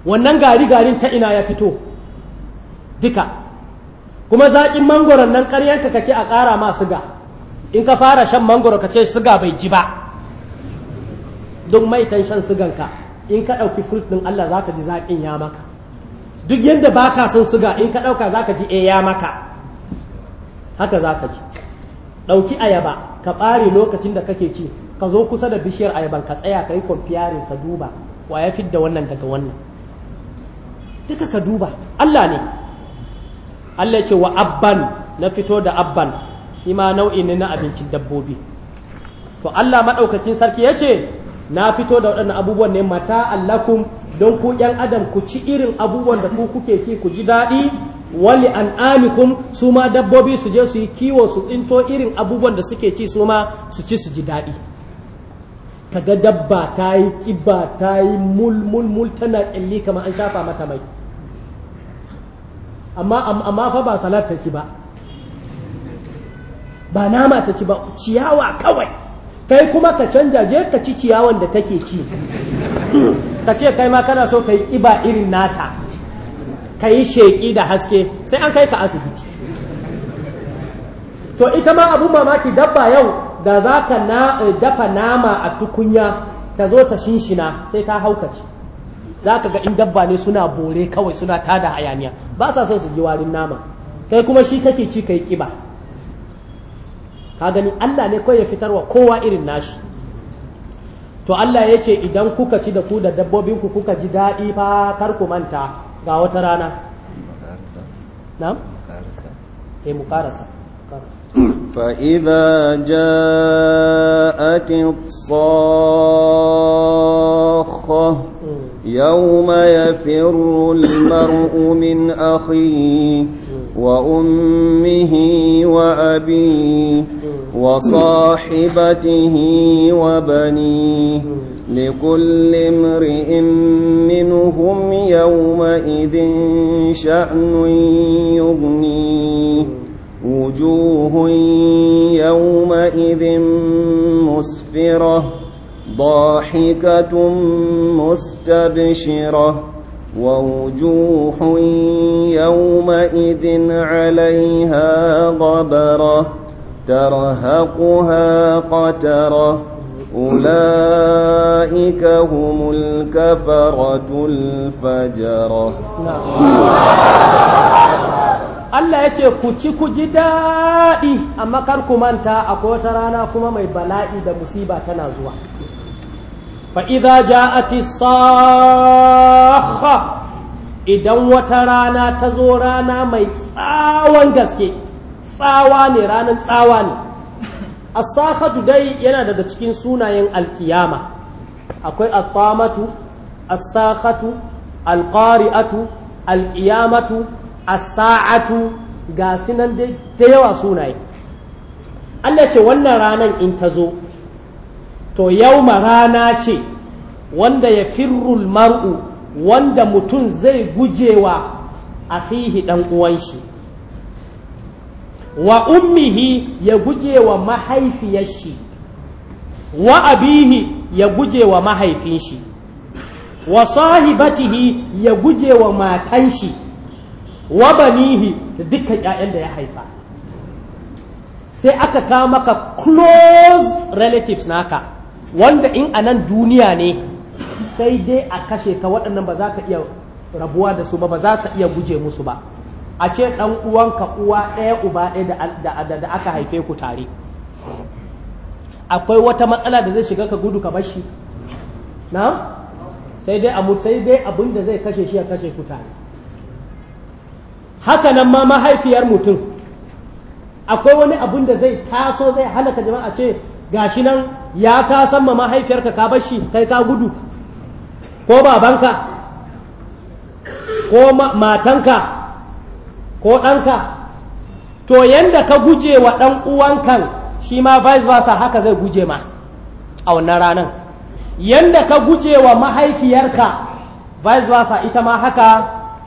Speaker 1: wannan gari garin ta ina ya fito duka kuma zaƙin mangoron nan ƙaryanka kake a ƙara ma siga in ka fara shan mangoro ka ce siga bai ji ba don maitan shan siganka in ka ɗauki fruit ɗin Allah za ka ji zaƙin ya maka duk yadda ba ka son siga in ka ɗauka za ka ji e ya maka haka za ka ji ɗauki ayaba ka ɓare lokacin da kake ci ka zo kusa da bishiyar ayaban ka tsaya ka yi kwamfiyarin ka duba wa ya fi da wannan daga wannan duka ka duba Allah ne Allah ce wa abban na fito da abban shi ma nau'i ne na abincin dabbobi to Allah maɗaukakin sarki ya ce na fito da waɗannan abubuwan ne mata allakum don ku ƴan adam ku ci irin abubuwan da ku kuke ci ku ji daɗi wali an amikum su ma dabbobi su je su yi kiwo su tsinto irin abubuwan da suke ci su ma su ci su ji daɗi kaga dabba ta yi ƙiba ta yi mulmulmul tana ƙyalli kamar an shafa mata mai amma fa ba salat ta ci ba ba nama ta ci ba ciyawa kawai kai kuma ka canja je ka ci ciyawan da take ci ka ce kai ma kana so ka yi ƙiba irin nata ka yi sheƙi da haske sai an kai ka asibiti to ita ma abun mamaki dabba yau da za ka eh, dafa nama a tukunya ta zo ta shinshina sai ta haukace za ka ga in dabba ne suna bore kawai suna tada hayaniya ba sa son su ji warin nama kai kuma shi kake ci kai kiba ka gani Allah ne kawai ya fitarwa kowa irin nashi to Allah ya ce idan kuka ci da ku da dabbobinku kuka ji daɗi fa kar ku manta ga wata rana na? eh mu karasa
Speaker 2: فإذا جاءت الصاخة يوم يفر المرء من أخيه وأمه وأبيه وصاحبته وبنيه لكل امرئ منهم يومئذ شأن يغنيه وجوه يومئذ مسفره ضاحكة مستبشرة ووجوه يومئذ عليها غبرة ترهقها قترة أولئك هم الكفرة الفجرة
Speaker 1: Allah ya ce ku ci ku ji daɗi amma kar ku manta akwai wata rana kuma mai bala'i da musiba tana zuwa fa'iza ja'ati saha idan wata rana ta zo rana mai tsawon gaske tsawa ne ranar tsawa ne asahatu dai yana daga cikin sunayen alkiyama akwai alkamatu asahatu alƙari'atu alkiyamatu asa'atu ga sunan da yawa sunaye Allah ce wannan ranar in ta zo to ma rana ce wanda ya firrul mar'u wanda mutum zai gujewa a fihi ɗan uwanshi wa ummihi ya gujewa mahaifiyar shi wa abihi ya gujewa mahaifin shi wa sahibatihi ya gujewa matan shi wa banihi da dukkan 'ya'yan da ya haifa sai aka kawo maka close relatives naka wanda in a nan duniya ne sai dai a kashe ka waɗannan ba za ka iya rabuwa da su ba ba za ka iya guje musu ba a ce ɗan uwanka uwa ɗaya uba ɗaya da aka haife ku tare akwai wata matsala da zai shiga ka gudu ka bashi na sai dai abu sai dai abin da zai kashe shi ya kashe ku tare haka nan ma mahaifiyar mutum akwai wani abin da zai taso zai halaka jama'a ce Ga shi nan ya ka san ma mahaifiyarka ka bashi kai ka gudu ko babanka ko matanka ko ɗanka to yanda ka guje wa ɗan uwankan shi ma vice versa haka zai guje ma a wannan ranar yanda ka guje wa mahaifiyarka vice versa ita ma haka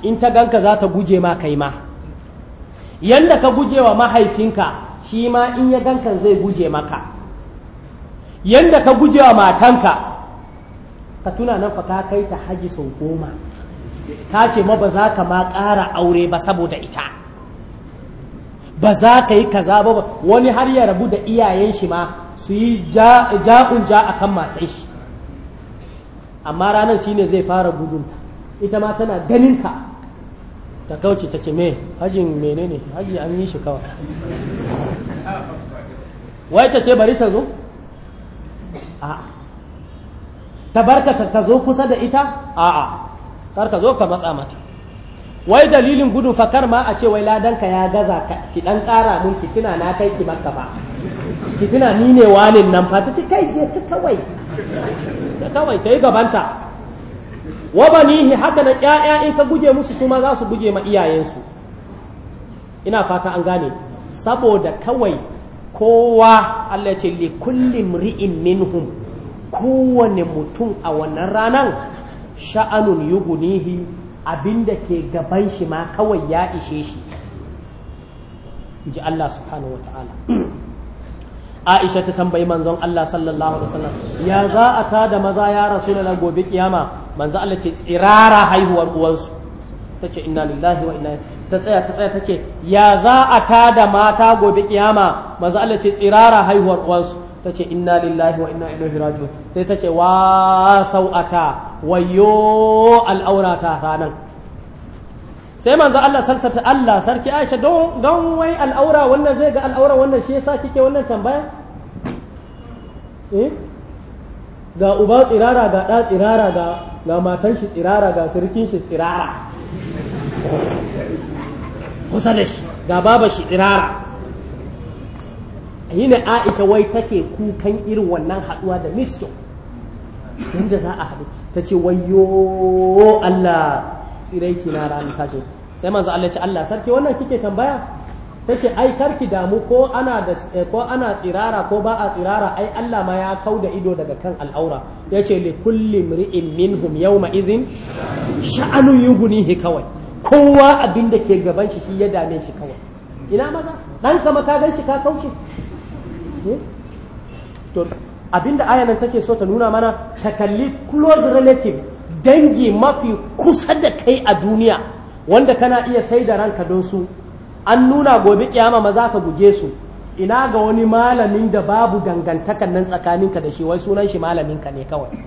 Speaker 1: in ta ganka za ta guje ma kai ma yanda ka guje wa mahaifinka shi ma in ya ganka zai guje maka yanda ka guje wa matanka ka tuna nan fa ka kai ta haji sau goma ka ce ma ba za ka ma ƙara aure ba saboda ita ba za ka yi kaza ba wani har ya rabu da iyayen shi ma su yi ja'un ja a kan matan shi amma ranar shi ne zai fara gudunta ita ma tana ganinka ta kauce ta ce me hajin menene haji an yi shi kawai wai ta ce bari ta zo a'a tabarka ka zo kusa da ita a'a kar ka zo ka matsa mata wai dalilin gudu fakar ma a ce wai ladanka ya gaza ki dan kara mun fitina na kai ki makka ba fitina ni ne wani nan fa ta kai je ta kawai ta kawai ta yi gabanta wa banihi haka da ƴaƴa in ka guje musu su ma za su guje ma iyayensu ina fata an gane saboda kawai kowa Allah ce li kulli ri'in minhum kowane mutum a wannan ranar sha'anun yugunihi abinda ke gaban shi ma kawai ya ishe shi ji Allah subhanahu wata'ala Aisha ta tambayi manzon Allah sallallahu alaihi wasallam ya za a ta da maza ya rasulullah gobe kiyama manzo Allah ce tsirara haihuwar uwansu tace inna lillahi wa inna ta tsaya ta tsaya ta ce ya za a ta da mata gobe kiyama maza Allah ce tsirara haihuwar uwansu ta ce inna lillahi wa inna ilaihi raji'un sai ta ce wa sau'ata wayo al'aurata ranan sai manzo Allah salsata Allah sarki Aisha don don wai al'aura wannan zai ga al'aura wannan shi yasa kike wannan tambaya eh? ga uba tsirara ga ɗa tsirara ga ga matan shi tsirara ga sirkin shi tsirara kusa da shi ga baba shi irara yi ne aisha wai take kukan irin wannan haduwa da misto yadda za a haɗu ta ce wayo allah tsirai ki na ranar tashi sai manzo allah ce allah sarki wannan kike tambaya ta ce ai karki damu ko ana da eh, ko ana tsirara ko ba a tsirara ai Allah ma ya kau da ido daga kan al'aura yace ce li kulli mri'in minhum yawma izin sha'anu yughnihi kawai kowa abin da ke gaban shi shi ya dame shi kawai ina maza dan kama ka gan shi ka kauce hmm? to abinda ayanan take so ta nuna mana ta kalli close relative dangi mafi kusa da kai a duniya wanda kana iya sai da ranka don su an nuna gobe kiyama ma za ka guje su ina ga wani malamin da babu dangantakan nan tsakaninka da shi wai sunan shi malaminka ne kawai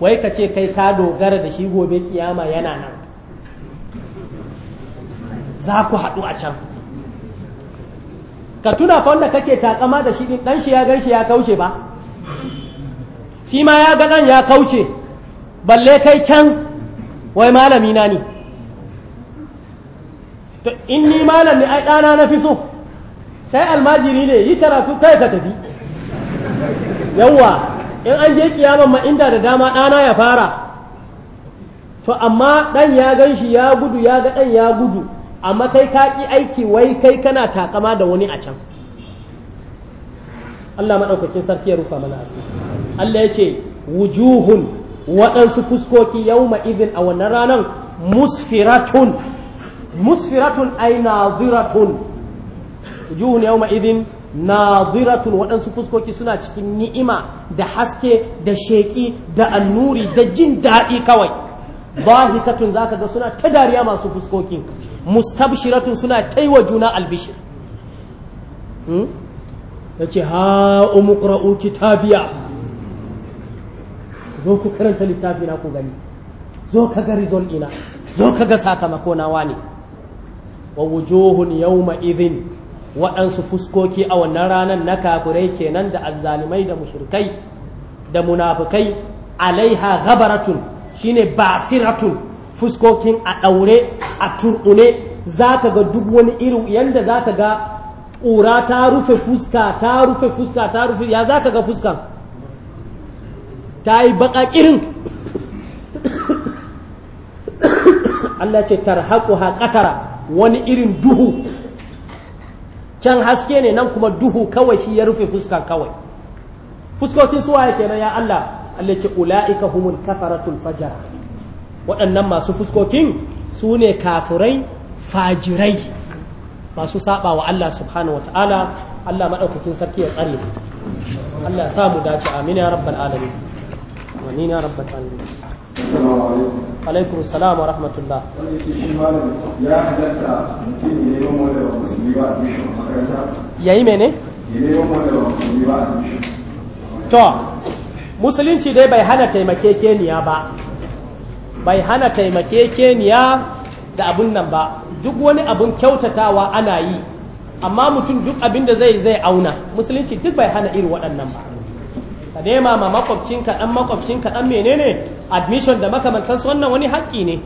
Speaker 1: wai ka ce kai ka dogara da shi gobe kiyama yana nan za ku haɗu a can ka tuna fa wanda kake takama da shi din dan shi ya gan shi ya kauce ba shi ma ya ga dan ya kauce balle kai can wai malami na ne to in ni malam ne ai ɗana na fi so kai almajiri ne yi karatu kai ka tafi yawwa in an je kiyaman ma inda da dama ɗana ya fara to amma ɗan ya gan shi ya gudu ya ga ɗan ya gudu amma kai ka ƙi aiki wai kai kana takama da wani a can Allah maɗaukakin sarki ya rufa mana asiri Allah ya ce wujuhun waɗansu fuskoki yau ma'izin a wannan ranar musfiratun musfiratun ai nadiratun wujuhun yawma idin nadiratun waɗansu fuskoki suna cikin ni'ima da haske da sheƙi da annuri da jin daɗi kawai bahikatun zaka ga suna ta dariya masu fuskoki mustabshiratun suna wa juna albishir hmm? ya ce ha umuqra'u kitabiya zo ku karanta littafi na ku gani zo ka ga rizon ina zo ka ga sakamako na wani wa wujuhun yawma idhin waɗansu fuskoki a wannan ranar na kafirai kenan da azzalimai da mushrikai da munafikai alaiha ghabaratun shine basiratun fuskokin a ɗaure a turune za ga duk wani irin yanda za ga ƙura ta rufe fuska ta rufe fuska ta rufe ya za ga fuskan ta yi kirin. Allah ce ha qatara wani irin duhu can haske ne nan kuma duhu kawai shi ya rufe fuska kawai fuskokin su waye kenan ya Allah Allah ce ulaika humul kafaratul fajar waɗannan masu fuskokin su ne kafurai fajirai masu saba wa Allah subhanahu wa ta'ala Allah maɗaukakin sarki ya tsare Allah ya samu dace amina rabbal alamin amina rabbal alamin alaikum salam wa rahmatullah ya yi mene to musulunci dai bai hana taimakekeniya ba bai hana taimakekeniya da abun nan ba duk wani abun kyautatawa ana yi amma mutum duk abin da zai zai auna musulunci duk bai hana iri waɗannan ba ka nema ma makwabcinka dan makwabcinka dan menene admission da makamantansu wannan wani haƙƙi ne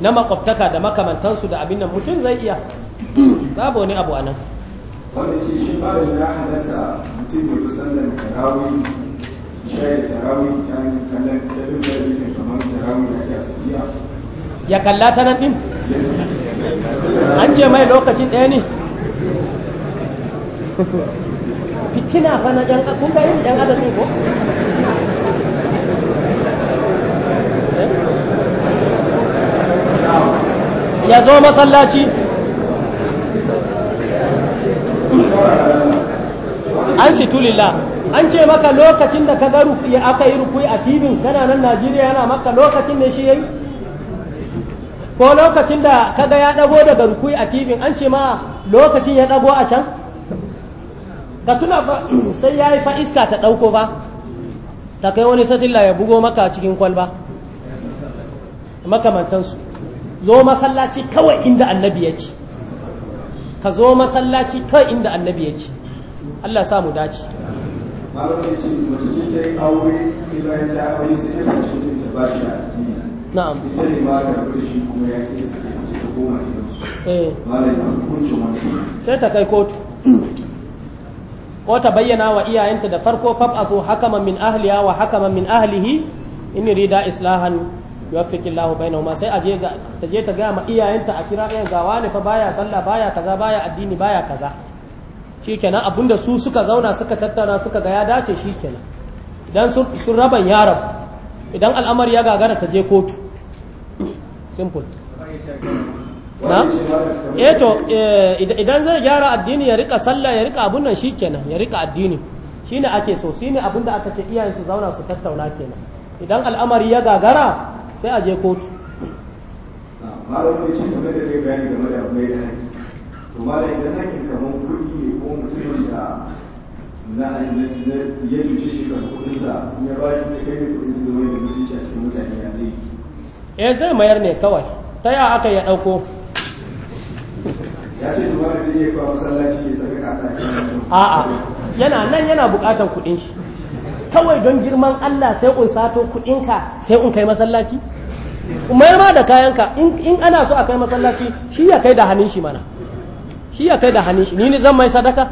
Speaker 1: na makwabtaka da makamantansu da abin nan mutum zai iya babu wani abu anan
Speaker 4: wani ce shi malam ya halatta mutum da tarawi tarawih da tarawi ta ne kallon tabin da kamar tarawi da ya sabiya
Speaker 1: ya kalla ta nan din an ce mai lokacin ɗaya ne fitina fa na yan kun ga irin yan adadin ko ya zo masallaci an tulila an ce maka lokacin da ka ga aka yi rukui a tibin kana nan najeriya yana maka lokacin ne shi yayi ko lokacin da kaga ya dago daga rukui a tibin an ce ma lokacin ya dago a can ka tuna ba sai ya yi fa iska ta ɗauko ba ta kai wani satilla ya bugo maka cikin kwalba makamantansu zo masallaci kawai inda annabi ya ci ka zo masallaci kawai inda annabi ya ci Allah samu dace na'am sai ta kai kotu ko ta bayyana wa iyayenta da farko fab'athu hakaman min ahliya wa hakaman min ahlihi in rida islahan yuwaffiqu Allah bainahuma sai aje ta je ta ga ma iyayenta a kira ɗayan gawa wani fa baya sallah baya kaza baya addini baya kaza shikenan abinda su suka zauna suka tattauna suka ga ya dace shikenan idan sun raban yaron idan al'amari ya gagara ta je kotu simple na eh to eh, idan zai gyara addini ya rika sallah ya rika abun nan shikenan ya rika addini shine ake so shine abin da aka ce iyayen su zauna su tattauna kenan idan al'amari ya gagara sai a je kotu
Speaker 4: malamin shi game da zai bayani game da mai da to malam idan haƙin kaman kuɗi ne ko mutumin da na na ya cuce shi kan sa ya ba shi da kai kuɗin kudin zuwa da mutunci a cikin mutane ya zai yi
Speaker 1: eh zai mayar ne kawai ta ya aka ya ɗauko yana nan yana bukatar kudin shi kawai don girman Allah sai un sato ka sai un kai masallaci mayar ma da kayanka in ana so a kai masallaci shi ya kai da hannun shi mana shi ya kai da hannun shi ni ne zan mai sadaka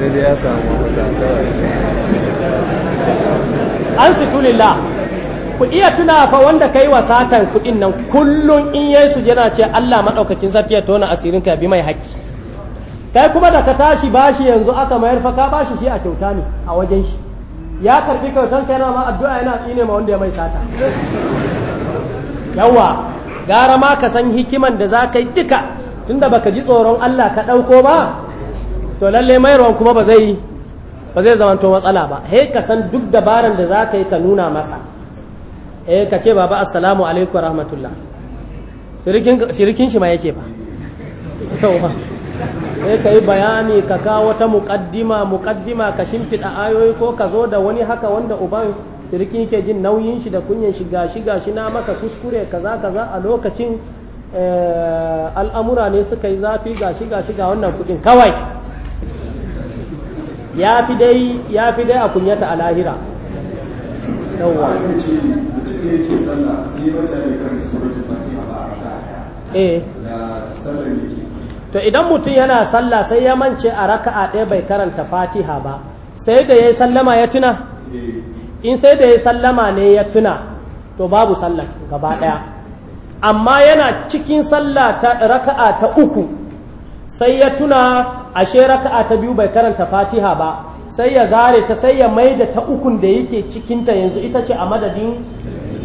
Speaker 3: sai dai ya samu mutane
Speaker 1: an situlillah ku iya tuna fa wanda yi wa satan kuɗin nan kullum in yesu yana ce Allah maɗaukakin zafi ya tona asirin ka bi mai haƙƙi kai kuma da ka tashi bashi yanzu aka mayar fa ka bashi shi a kyauta ne a wajen shi ya karbi kyautan ka yana ma addu'a yana tsine ma wanda ya mai sata yawa gara ma ka san hikiman da za ka yi duka tunda baka ji tsoron Allah ka ɗauko ba to lalle mayarwan kuma ba zai yi. ba zai zamanto matsala ba he ka san duk dabaran da za ka yi ka nuna masa eh ka ce baba assalamu alaikum wa rahmatullah shirikin shi ma ce ba sai ka yi bayani ka kawo wata muƙaddima mukaddima ka shimfiɗa ayoyi ko ka zo da wani haka wanda uban shirikin ke jin nauyin shi da kunyan shi gashi gashi na maka kuskure kaza kaza a lokacin eh, al'amura ne suka yi zafi gashi gashi ga wannan kuɗin kawai ya fi dai a kunyata a lahira yawwa eh. to idan mutum yana sallah sai ya mance a raka'a ɗaya bai karanta fatiha ba sai da ya yi sallama ya tuna in sai da ya yi sallama ne ya tuna to babu sallah gaba ɗaya amma yana cikin sallah ta raka'a ta uku sai ya tuna ashe raka'a ta biyu bai karanta fatiha ba sai ya zare ta sai ya maida ta ukun da yake cikinta yanzu ita ce a madadin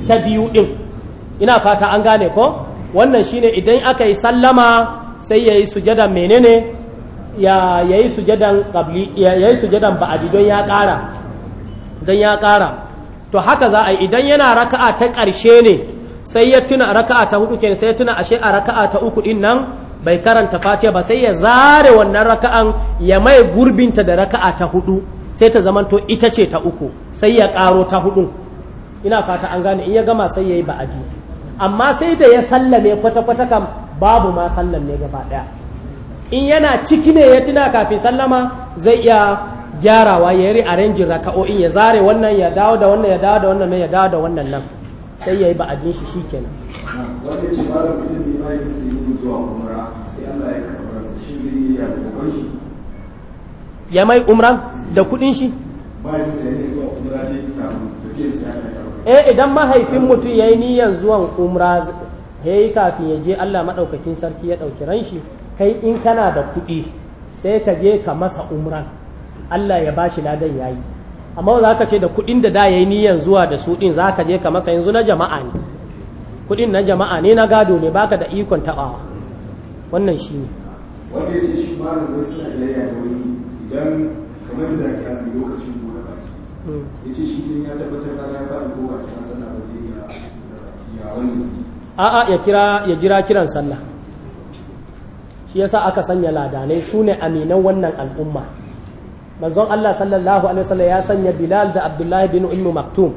Speaker 1: ta biyu din ina fata an gane ko wannan shine idan aka yi sallama sai ya yi sujadan menene ya yi sujadan qabli ya yi sujadan ba'adi don ya ƙara don ya ƙara to haka za a yi idan yana raka'a ta ƙarshe ne sai ya tuna raka'a ta hudu kenan sai ya tuna ashe a raka'a ta uku din nan bai karanta fatiha ba sai ya zare wannan raka'an ya mai gurbinta da raka'a ta hudu sai ta zamanto ita ce ta uku sai ya karo ta hudu ina fata an gane in ya gama sai yayi ba'aji amma sai da ya sallame kwata kwata kam babu ma sallame gaba daya in yana ciki ne ya tuna kafin sallama zai iya gyarawa ya yi arrangin raka'o'in ya zare wannan ya dawo da wannan ya dawo da wannan ya dawo da wannan nan sai ya yi ba'adin shi shi kenan
Speaker 4: wanda ce ba da mutum ne ba yin sai yi zuwa umra sai Allah ya karɓar su shi zai yi ya karɓar shi
Speaker 1: ya mai umran da kuɗin shi
Speaker 4: ba yin sai ne zuwa umra ne ta tafiya sai ya karɓar
Speaker 1: eh idan mahaifin mutum ya yi niyyar zuwan umra yi kafin ya je Allah maɗaukakin sarki ya ɗauki ran shi kai in kana da kuɗi sai ka je ka masa umran Allah ya ba shi ladan yayi amma za ka ce da kuɗin da da ya yi niyan zuwa da su ɗin za ka je ka masa yanzu na jama'a ne kuɗin na jama'a ne na gado ne baka da ikon taɓawa wannan shi ne
Speaker 4: wanda ya ce shi malam wai suna jayayya da wani idan kamar da ka yi lokacin buɗe baki ya ce shi ya tabbatar da ya ba ko baki na sallah ba zai ya
Speaker 1: ya wani a'a ya kira ya jira kiran sallah shi yasa aka sanya ladanai su ne aminan wannan al'umma manzon Allah sallallahu alaihi wasallam ya sanya Bilal da Abdullahi bin Ummu Maktum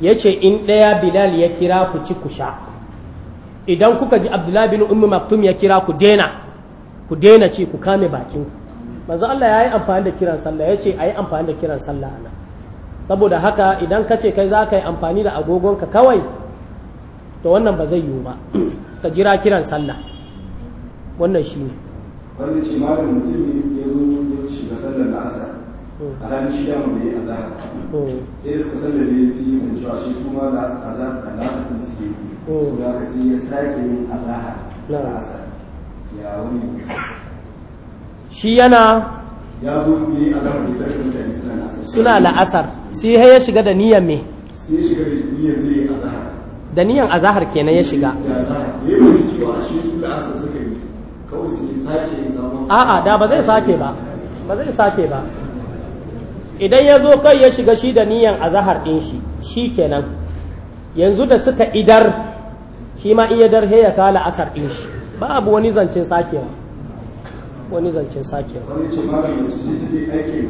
Speaker 1: yace in daya Bilal ya kira ku ci ku sha idan kuka ji Abdullahi bin Ummu Maktum ya kira ku dena ku dena ci ku kame bakin ku manzon Allah ya yi amfani da kiran sallah yace ayi amfani da kiran sallah ana saboda haka idan kace kai za ka yi amfani da ka kawai to wannan ba zai yiwu ba ka jira kiran sallah wannan shi ne
Speaker 4: wanda ce malam mutum ya zo shiga sallar asar. alhalin shi dama da ya azahar sai suka sallame su yi mai cewa shi su ma da su azahar su yi ko da ka sai ya sake yin azahar na
Speaker 1: asar ya wani shi yana
Speaker 4: ya zo ne azahar da ta rikin
Speaker 1: mutane suna la'asar suna la'asar sai ya shiga da niyyar me sai ya
Speaker 4: shiga da niyyar zai yi azahar
Speaker 1: da niyan azahar kenan ya shiga da shi
Speaker 4: kawai sake
Speaker 1: a'a da ba zai sake ba ba zai sake ba idan ya zo kai ya shiga shi da niyan azahar din shi shi kenan yanzu da suka idar shi ma iya dar ta kala asar din shi ba abu wani zancen sakewa wani zancen sakewa wani ce ma bai yanzu
Speaker 4: ta ke aikin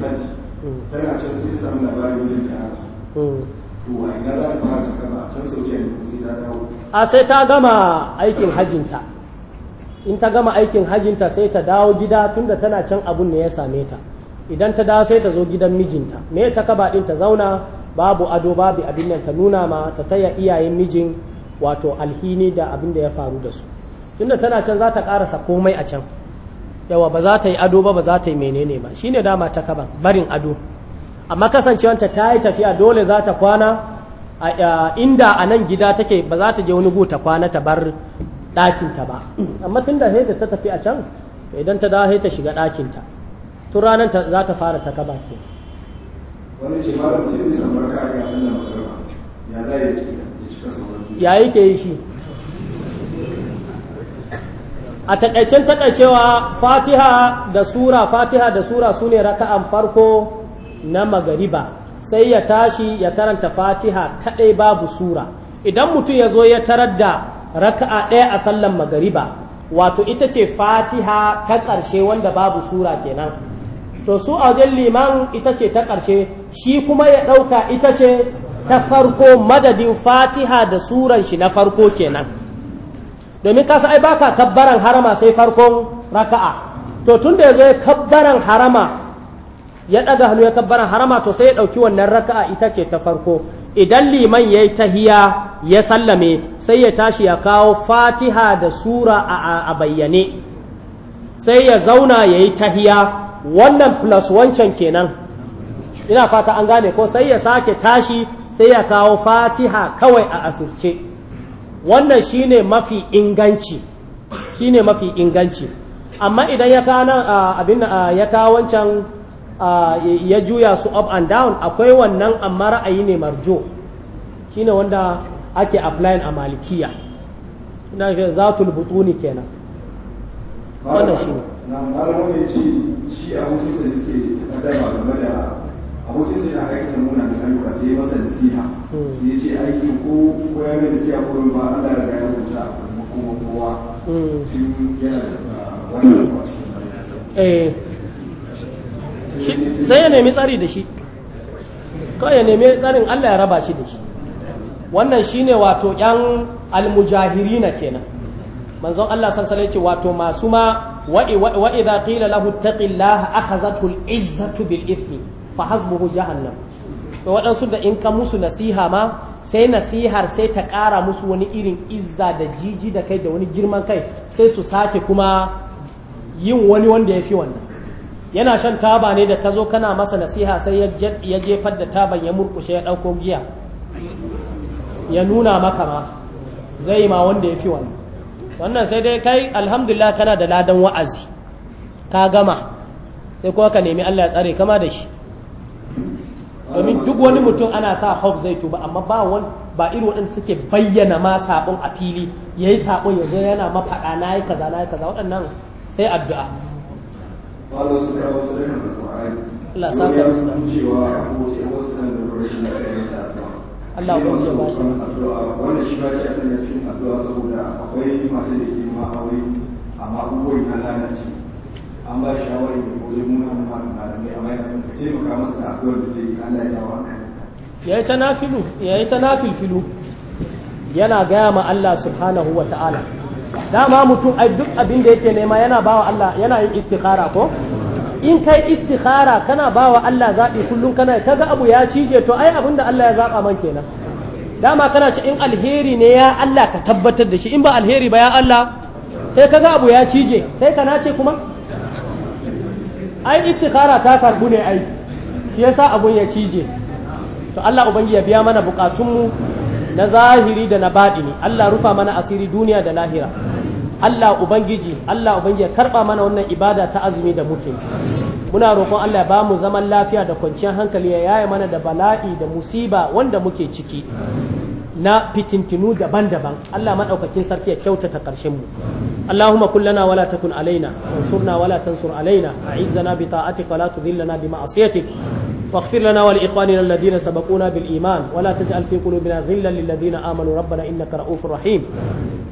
Speaker 4: haji hmm. tana can sai ta samu labarin hmm. wajen ta dawo.
Speaker 1: a sai ta gama aikin hajinta in ta gama aikin hajinta sai ta dawo gida tunda tana can abun ne ya same ta idan ta da sai ta zo gidan mijinta me ta kaba din ta zauna babu ado babu abin nan ta nuna ma ta taya iyayen mijin wato alhini da abin da ya faru da su tunda tana can za ta karasa komai a can yawa ba za ta yi ado ba ba za ta yi menene ba shine dama ta kaban barin ado amma kasancewar ta yi tafiya dole za ta kwana a inda a nan gida take ba za ta je wani ta kwana ta bar ɗakinta ba amma tunda sai ta tafi a can idan ta da sai ta shiga ɗakinta tun ranar za ta fara ta kaba ke
Speaker 4: wani ce ma da mutum zai samu raka a da ya za ya cika sauran
Speaker 1: ya ke yi shi a takaicen takaicewa fatiha da sura fatiha da sura su ne raka'an farko na magariba sai ya tashi ya taranta fatiha kadai babu sura idan mutum ya zo ya tarar da raka'a ɗaya a sallan magariba wato ita ce fatiha ta ƙarshe wanda babu sura kenan to su a wajen liman ita ce ta ƙarshe shi kuma ya ɗauka ita ce ta farko madadin fatiha da suran shi na farko kenan domin kasa ai baka kabbaran harama sai farkon raka'a to tun da ya zo ya kabbaran harama ya ɗaga hannu ya kabbaran harama to sai ya ɗauki wannan raka'a ita ce ta farko idan liman ya yi tahiya ya sallame sai ya tashi ya kawo fatiha da sura a bayyane sai ya zauna ya yi tahiya wannan plus wancan kenan ina fata an gane ko sai ya sake tashi sai ya kawo fatiha kawai a asirce wannan shine mafi inganci shine mafi inganci amma idan ya kana abin ya kawo wancan ya juya su up and down akwai wannan amma ra'ayi ne marjo shine wanda ake applying a malikiya ina zatul butuni kenan wannan shine
Speaker 4: na malamu ne ce shi abokinsa da suke takaddama game da abokinsa yana aikata munanan ayyuka sai ya masa nasiha sai ya ce aiki ko ko ya mai nasiha ko ba Allah ya riga ya rubuta kuma kowa tun yana da wani abu a cikin bayansa
Speaker 1: eh. sai ya nemi tsari da shi kawai ya nemi tsarin Allah ya raba shi da shi wannan shine wato yan almujahirina kenan manzon Allah sallallahu alaihi wato masu ma wa idza qila lahu taqillaha akhazathu al-izzatu bil ithmi fa hasbuhu jahannam to waɗansu da in ka musu nasiha ma sai nasihar sai ta ƙara musu wani irin izza da jiji da kai da wani girman kai sai su sake kuma yin wani wanda ya fi wannan yana shan taba ne da ka zo kana masa nasiha sai ya jefar da taban ya murkushe ya ɗauko giya ya nuna maka ma zai ma wanda ya fi wannan wannan sai dai kai alhamdulillah kana da ladan wa'azi ka gama sai kuma ka nemi Allah ya tsare kama da shi domin duk wani mutum ana sa hope zai tuba amma ba wani ba irin waɗanda suke bayyana ma sabon a fili yayi sabon yanzu yana mafaɗa na yi kaza na yi kaza waɗannan sai addu'a
Speaker 4: Allah su kawo su da Allah sa ka musu da cewa ko wasu da rashin Allah ba zai ba shi wanda shi ba shi sanya cikin addu'a saboda akwai masu da ke ma aure amma abubuwan ya lalace an ba shi shawari da gobe muna muna da malamai amma ya san ka taimaka masa da addu'ar da zai yi Allah ya jawo hankalinka
Speaker 1: ya yi ta nafilu ya yi ta nafilfilu yana gaya ma Allah subhanahu wa ta'ala dama mutum ai duk abin da yake nema yana bawa Allah yana yin istikhara ko in kai istikhara kana bawa Allah zaɓi kullum kana kaga abu ya cije to ai abinda Allah ya zaɓa man kenan dama kana ce in alheri ne ya Allah ka tabbatar da shi in ba alheri ba ya Allah sai kaga abu ya cije sai ka nace kuma ai istikhara ta karbu ne ai shi yasa abun ya cije to Allah ubangi ya biya mana bukatunmu na zahiri da na baɗi ne Allah rufa mana asiri duniya da lahira Allah ubangiji Allah ubangiji ya karba mana wannan ibada ta azumi da muke muna roƙon Allah ya bamu zaman lafiya da kwanciyar hankali ya yaya mana da bala'i da musiba wanda muke ciki na fitintinu daban-daban Allah maɗaukakin sarki ya kyautata ƙarshen mu Allahumma kullana wala takun alaina wansurna wala tansur alaina a'izzana bi ta'atika wala tudhillana bi ma'asiyatik واغفر لنا ولإخواننا الذين سبقونا بالإيمان ولا تجعل في قلوبنا غلا للذين آمنوا ربنا إنك رؤوف رحيم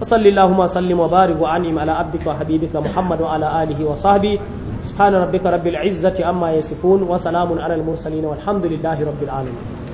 Speaker 1: وصل اللهم وسلم وبارك وأنعم على عبدك وحبيبك محمد وعلى آله وصحبه سبحان ربك رب العزة عما يصفون وسلام على المرسلين والحمد لله رب العالمين